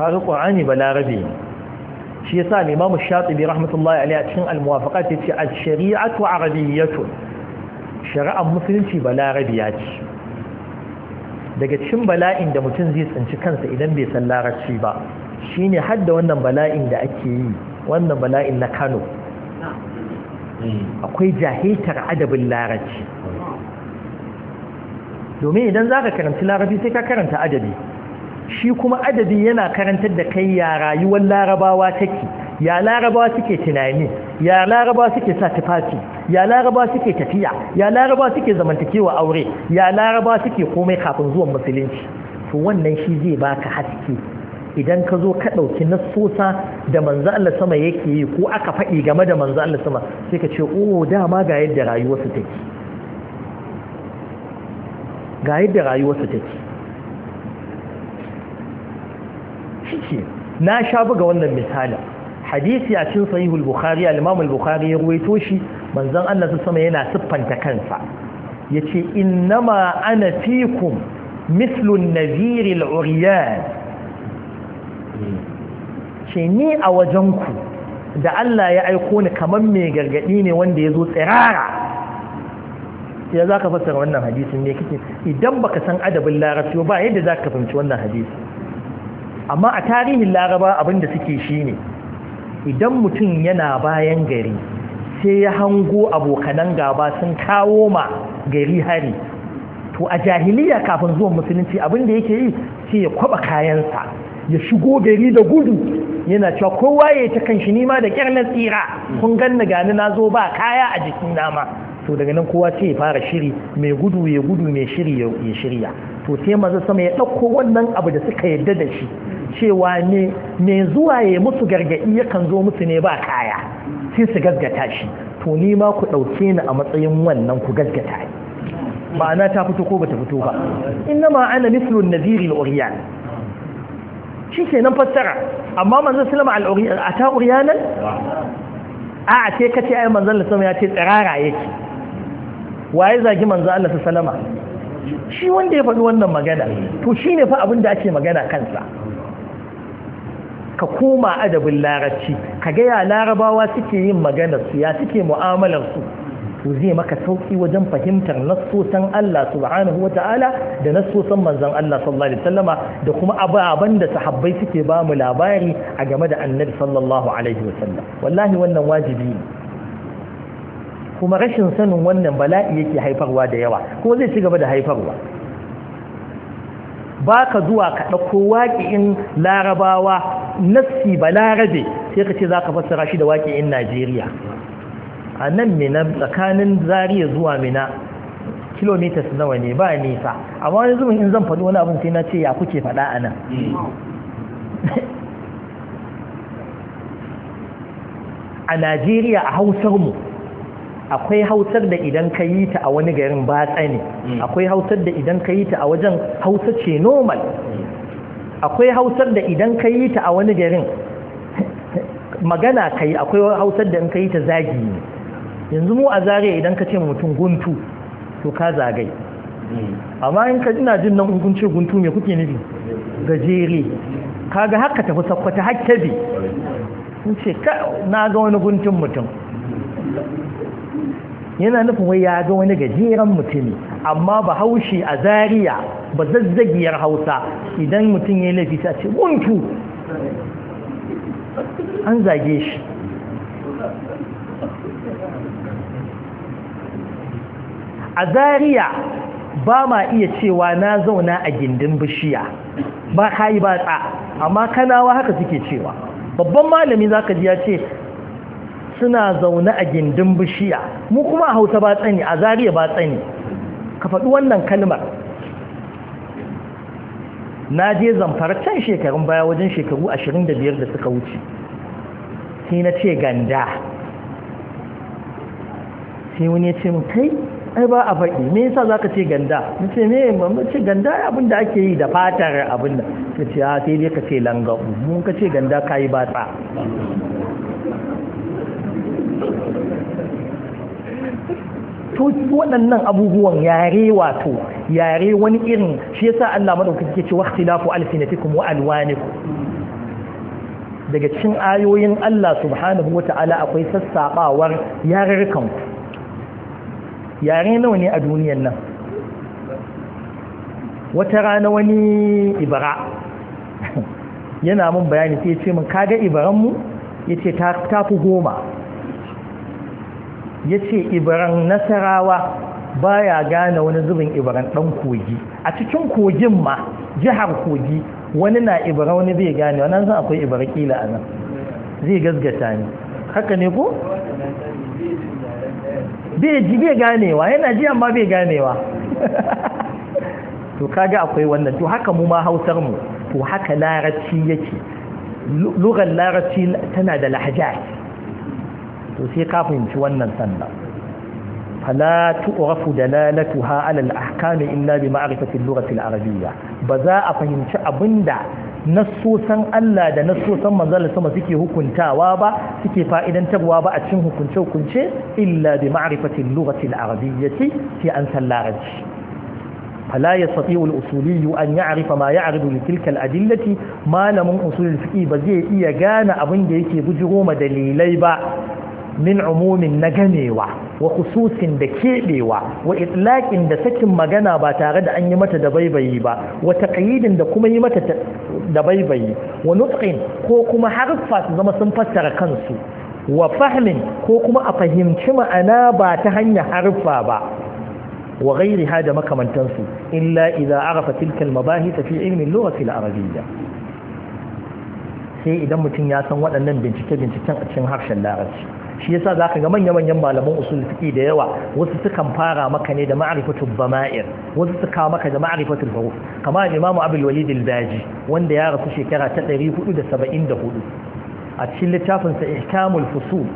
kaga qur'ani balarabi shi yasa imamu shatibi rahmatullahi alaihi a cikin almuwafaqat yace al shariatu arabiyyatun shari'ar musulunci ya ce daga cikin bala'in da mutum zai tsinci kansa idan bai san larabci ba shine hadda wannan bala'in da ake yi wannan bala'in na Kano akwai jahitar adabin larabci domin idan zaka karanta larabci sai ka karanta adabi shi kuma adabi yana karantar da kai ya rayuwar larabawa take ya larabawa suke tunani ya larabawa suke sa tufafi ya larabawa suke tafiya ya larabawa suke zamantakewa aure ya larabawa suke komai kafin zuwan musulunci to wannan shi zai baka haske idan ka zo ka ɗauki nasosa da manzo Allah sama yake yi ko aka faɗi game da manzo Allah sama sai ka ce oh dama ga yadda rayuwarsu take ga yadda rayuwarsu take shi na sha buga wannan misali hadisi a cikin sahihul bukhari al-imam al-bukhari ya ruwaito shi manzon Allah sama yana siffanta kansa yace innama ana fikum mithlu an-nazir al-uryan ce ni a wajen ku da Allah ya aiko ni kamar mai gargadi ne wanda yazo tsirara ya zaka fassara wannan hadisin ne kike idan baka san adabin larabci ba yadda zaka fahimci wannan hadisi amma a tarihin laraba abinda suke shi ne idan mutum yana bayan gari sai ya hango abokanan gaba sun kawo ma gari hari to a jahiliya kafin zuwan musulunci abinda yake yi sai ya kwaba kayansa ya shigo gari da gudu yana cewa kowa ya ta kan shi nima da kyar na tsira kun ganna gani na zo ba kaya a jikin nama to daga nan kowa sai ya fara shiri mai gudu ya gudu mai shiri ya shirya to sai maza sama ya ɗauko wannan abu da suka yadda da shi cewa ne ne zuwa ya musu gargaɗi kan zo musu ne ba kaya sai su gaggata shi to ni ma ku ɗauke ni a matsayin wannan ku gaggata ni ma'ana ta fito ko bata fito ba inna ma ana mislun naziri al-uriyan shi ke nan fassara amma manzon sallama al-uriyan ta uriyanan a a ce kace ai manzon sallama ya ce tsirara yake waye zagi manzon Allah sallama shi wanda ya faɗi wannan magana to shi ne fa abin da ake magana kansa ka koma adabin larabci ka gaya larabawa suke yin magana su ya suke mu'amalar su to zai maka sauki wajen fahimtar nasosan Allah subhanahu wata'ala da nasosan manzon Allah sallallahu alaihi wasallama da kuma ababen da sahabbai suke ba mu labari a game da annabi sallallahu alaihi wasallam wallahi wannan wajibi ne kuma rashin sanin wannan bala'i yake haifarwa da yawa kuma zai ci gaba da haifarwa ba ka zuwa ka ɗauko waƙi'in larabawa nassi Balarabe, larabe sai ka ce za ka fassara shi da waƙi'in najeriya a nan mina tsakanin zariya zuwa mina kilomitas nawa ne ba nisa amma wani zuwa in zan faɗi wani abin sai na ce ya kuke faɗa a nan a najeriya a hausar mu akwai hausar da idan ka yi ta a wani garin ba tsani mm. akwai hausar da idan ka yi ta a wajen hausa ce normal mm. akwai hausar da idan ka yi ta a wani garin magana ka yi akwai hausar da in ka yi ta zagi ne yanzu mu a zare idan ka ce mutum guntu to ka zagai mm. amma in ka ina jin nan kun ce guntu me kuke nufi gajere kaga haka tafi sakwata hakkabi in ce na ga wani guntun mutum yana nufin wai ya ga wani gajeren mutumi amma ba haushi a zariya ba zazzagiyar hausa idan mutum ya laifi ta ce wuntu an zage shi a zariya ba ma iya cewa na zauna a gindin bishiya ba kayi ba tsa amma kanawa haka suke cewa babban malami za ka ji ya ce suna zaune a gindin bishiya mu kuma a hausa ba tsani a zariya ba tsani ka faɗi wannan kalmar na je zamfara can shekarun baya wajen shekaru 25 da suka wuce sai na ce ganda sai wani ya ce mu kai ai ba a faɗi me yasa za ka ce ganda ce me mamma ce ganda abin da ake yi da fatar abin da." Ka ce a ah, sai dai ka ce langabu mun ka ce ganda ka ba batsa to waɗannan abubuwan yare wato yare wani irin shi yasa Allah madauki ke ce waqtilafu alfinatikum wa alwanikum daga cikin ayoyin Allah subhanahu wata'ala akwai sassabawar yarurrukan yare nawa ne a duniyar nan wata rana wani ibara yana mun bayani sai ya ce mun kaga ibaran mu yace ta tafi goma ya ce ibiran nasarawa baya gane wani zubin ibiran ɗan kogi a cikin kogin ma jihar kogi wani na ibira wani zai gane wani zan akwai ibira kila a nan zai gasgata ne haka ne ko? bai ganewa yana ji amma bai ganewa to kaga akwai wannan to haka mu ma hausar mu to haka larabci yake lugar larabci tana da lahajat to sai ka fahimci wannan sanda. fala tu'rafu dalalatuha ala al-ahkam illa bi ma'rifati al-lughati al-arabiyya ba za a fahimci abinda nassosan Allah da nassosan manzal sama suke hukuntawa ba suke fa'idantarwa ba a cikin hukunce hukunce illa bi ma'rifati al-lughati al-arabiyyati fi an sallarati فلا يستطيع الأصولي أن يعرف ما يعرض لتلك الأدلة ما لم أصول الفقه بزي إيا جانا أبن ديكي بجروم دليلي با min umumin na ganewa wa khususin da keɓewa wa itlaqin da sakin magana ba tare da an yi mata da baibayi ba wa taqyidin da kuma yi mata da baibayi wa nuts'in ko kuma haruffa su zama sun fassara kansu wa fahmin ko kuma a fahimci ma'ana ba ta hanyar harfa ba wa gairi ha da makamantansu illa idza arafa tilka al-mabahith fi ilmi al arabiyya sai idan mutum ya san waɗannan bincike-binciken a cikin harshen larabci shi yasa zaka ga manya-manyan malaman usul fiqi da yawa wasu sukan fara maka ne da ma'rifatul bama'ir wasu suka maka da ma'rifatul huruf kamar Imam Abdul Walid al-Baji wanda ya rasu shekara ta 474 a cikin littafin sa Ihkamul Fusul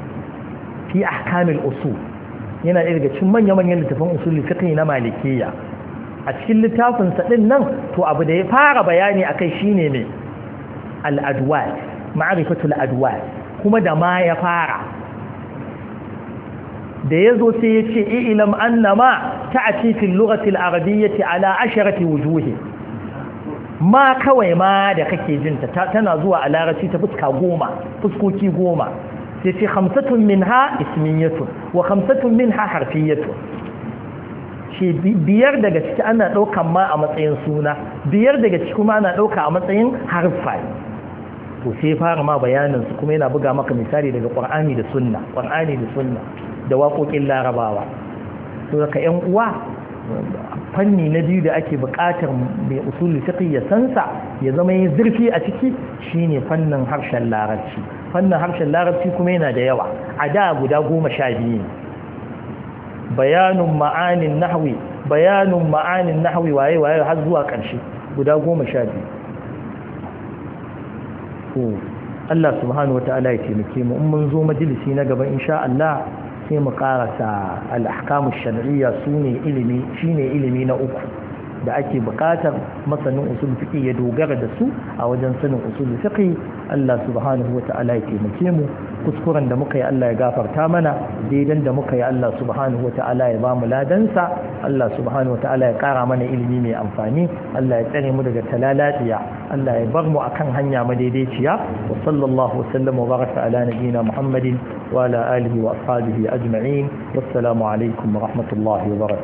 fi Ahkamil Usul yana daga cikin manya-manyan littafin usul fiqi na Malikiyya a cikin littafin sa din nan to abu da ya fara bayani akai shine ne al-adwat ma'rifatul adwat kuma da ma ya fara da ya zo sai ya ce ilam annama ta a cikin lugatil arabiyyati ala asharati wujuhi ma kawai ma da kake jinta tana zuwa a larabci ta fuska goma fuskoki goma sai ce khamsatun min ismiyatun wa khamsatun minha ha harfiyatun shi biyar daga ciki ana ɗaukan ma a matsayin suna biyar daga ciki kuma ana ɗauka a matsayin harfai. to sai fara ma bayanin su kuma yana buga maka misali daga qur'ani da sunna qur'ani da sunna da waƙoƙin larabawa to daga ƴan uwa fanni na biyu da ake buƙatar mai usuli fiqh ya sansa ya zama yin zurfi a ciki shine fannin harshen larabci fannin harshen larabci kuma yana da yawa a da guda goma sha biyu bayanun ma'anin nahwi bayanun ma'anin nahwi waye waye har zuwa ƙarshe guda goma sha biyu Allah subhanahu wata'ala ya taimake mu in mun zo majalisi na gaba insha Allah sai mu karasa al-ahkamu shar'iyya sune ilimi shine ilimi na uku da ake bukatar masanin usul ya dogara da su a wajen sanin usul fiqh Allah subhanahu wata'ala ya taimake mu kuskuren da muka yi Allah ya gafarta mana daidan da muka yi Allah subhanahu wata'ala ya bamu ladansa Allah subhanahu wata'ala ya kara mana ilimi mai amfani Allah ya tsare mu daga talalatiya Allah ya bar mu akan hanya madaidaiciya wa sallallahu wa sallam wa baraka ala nabiyyina Muhammadin wa ala alihi wa ashabihi ajma'in wassalamu alaikum wa rahmatullahi wa barakatuh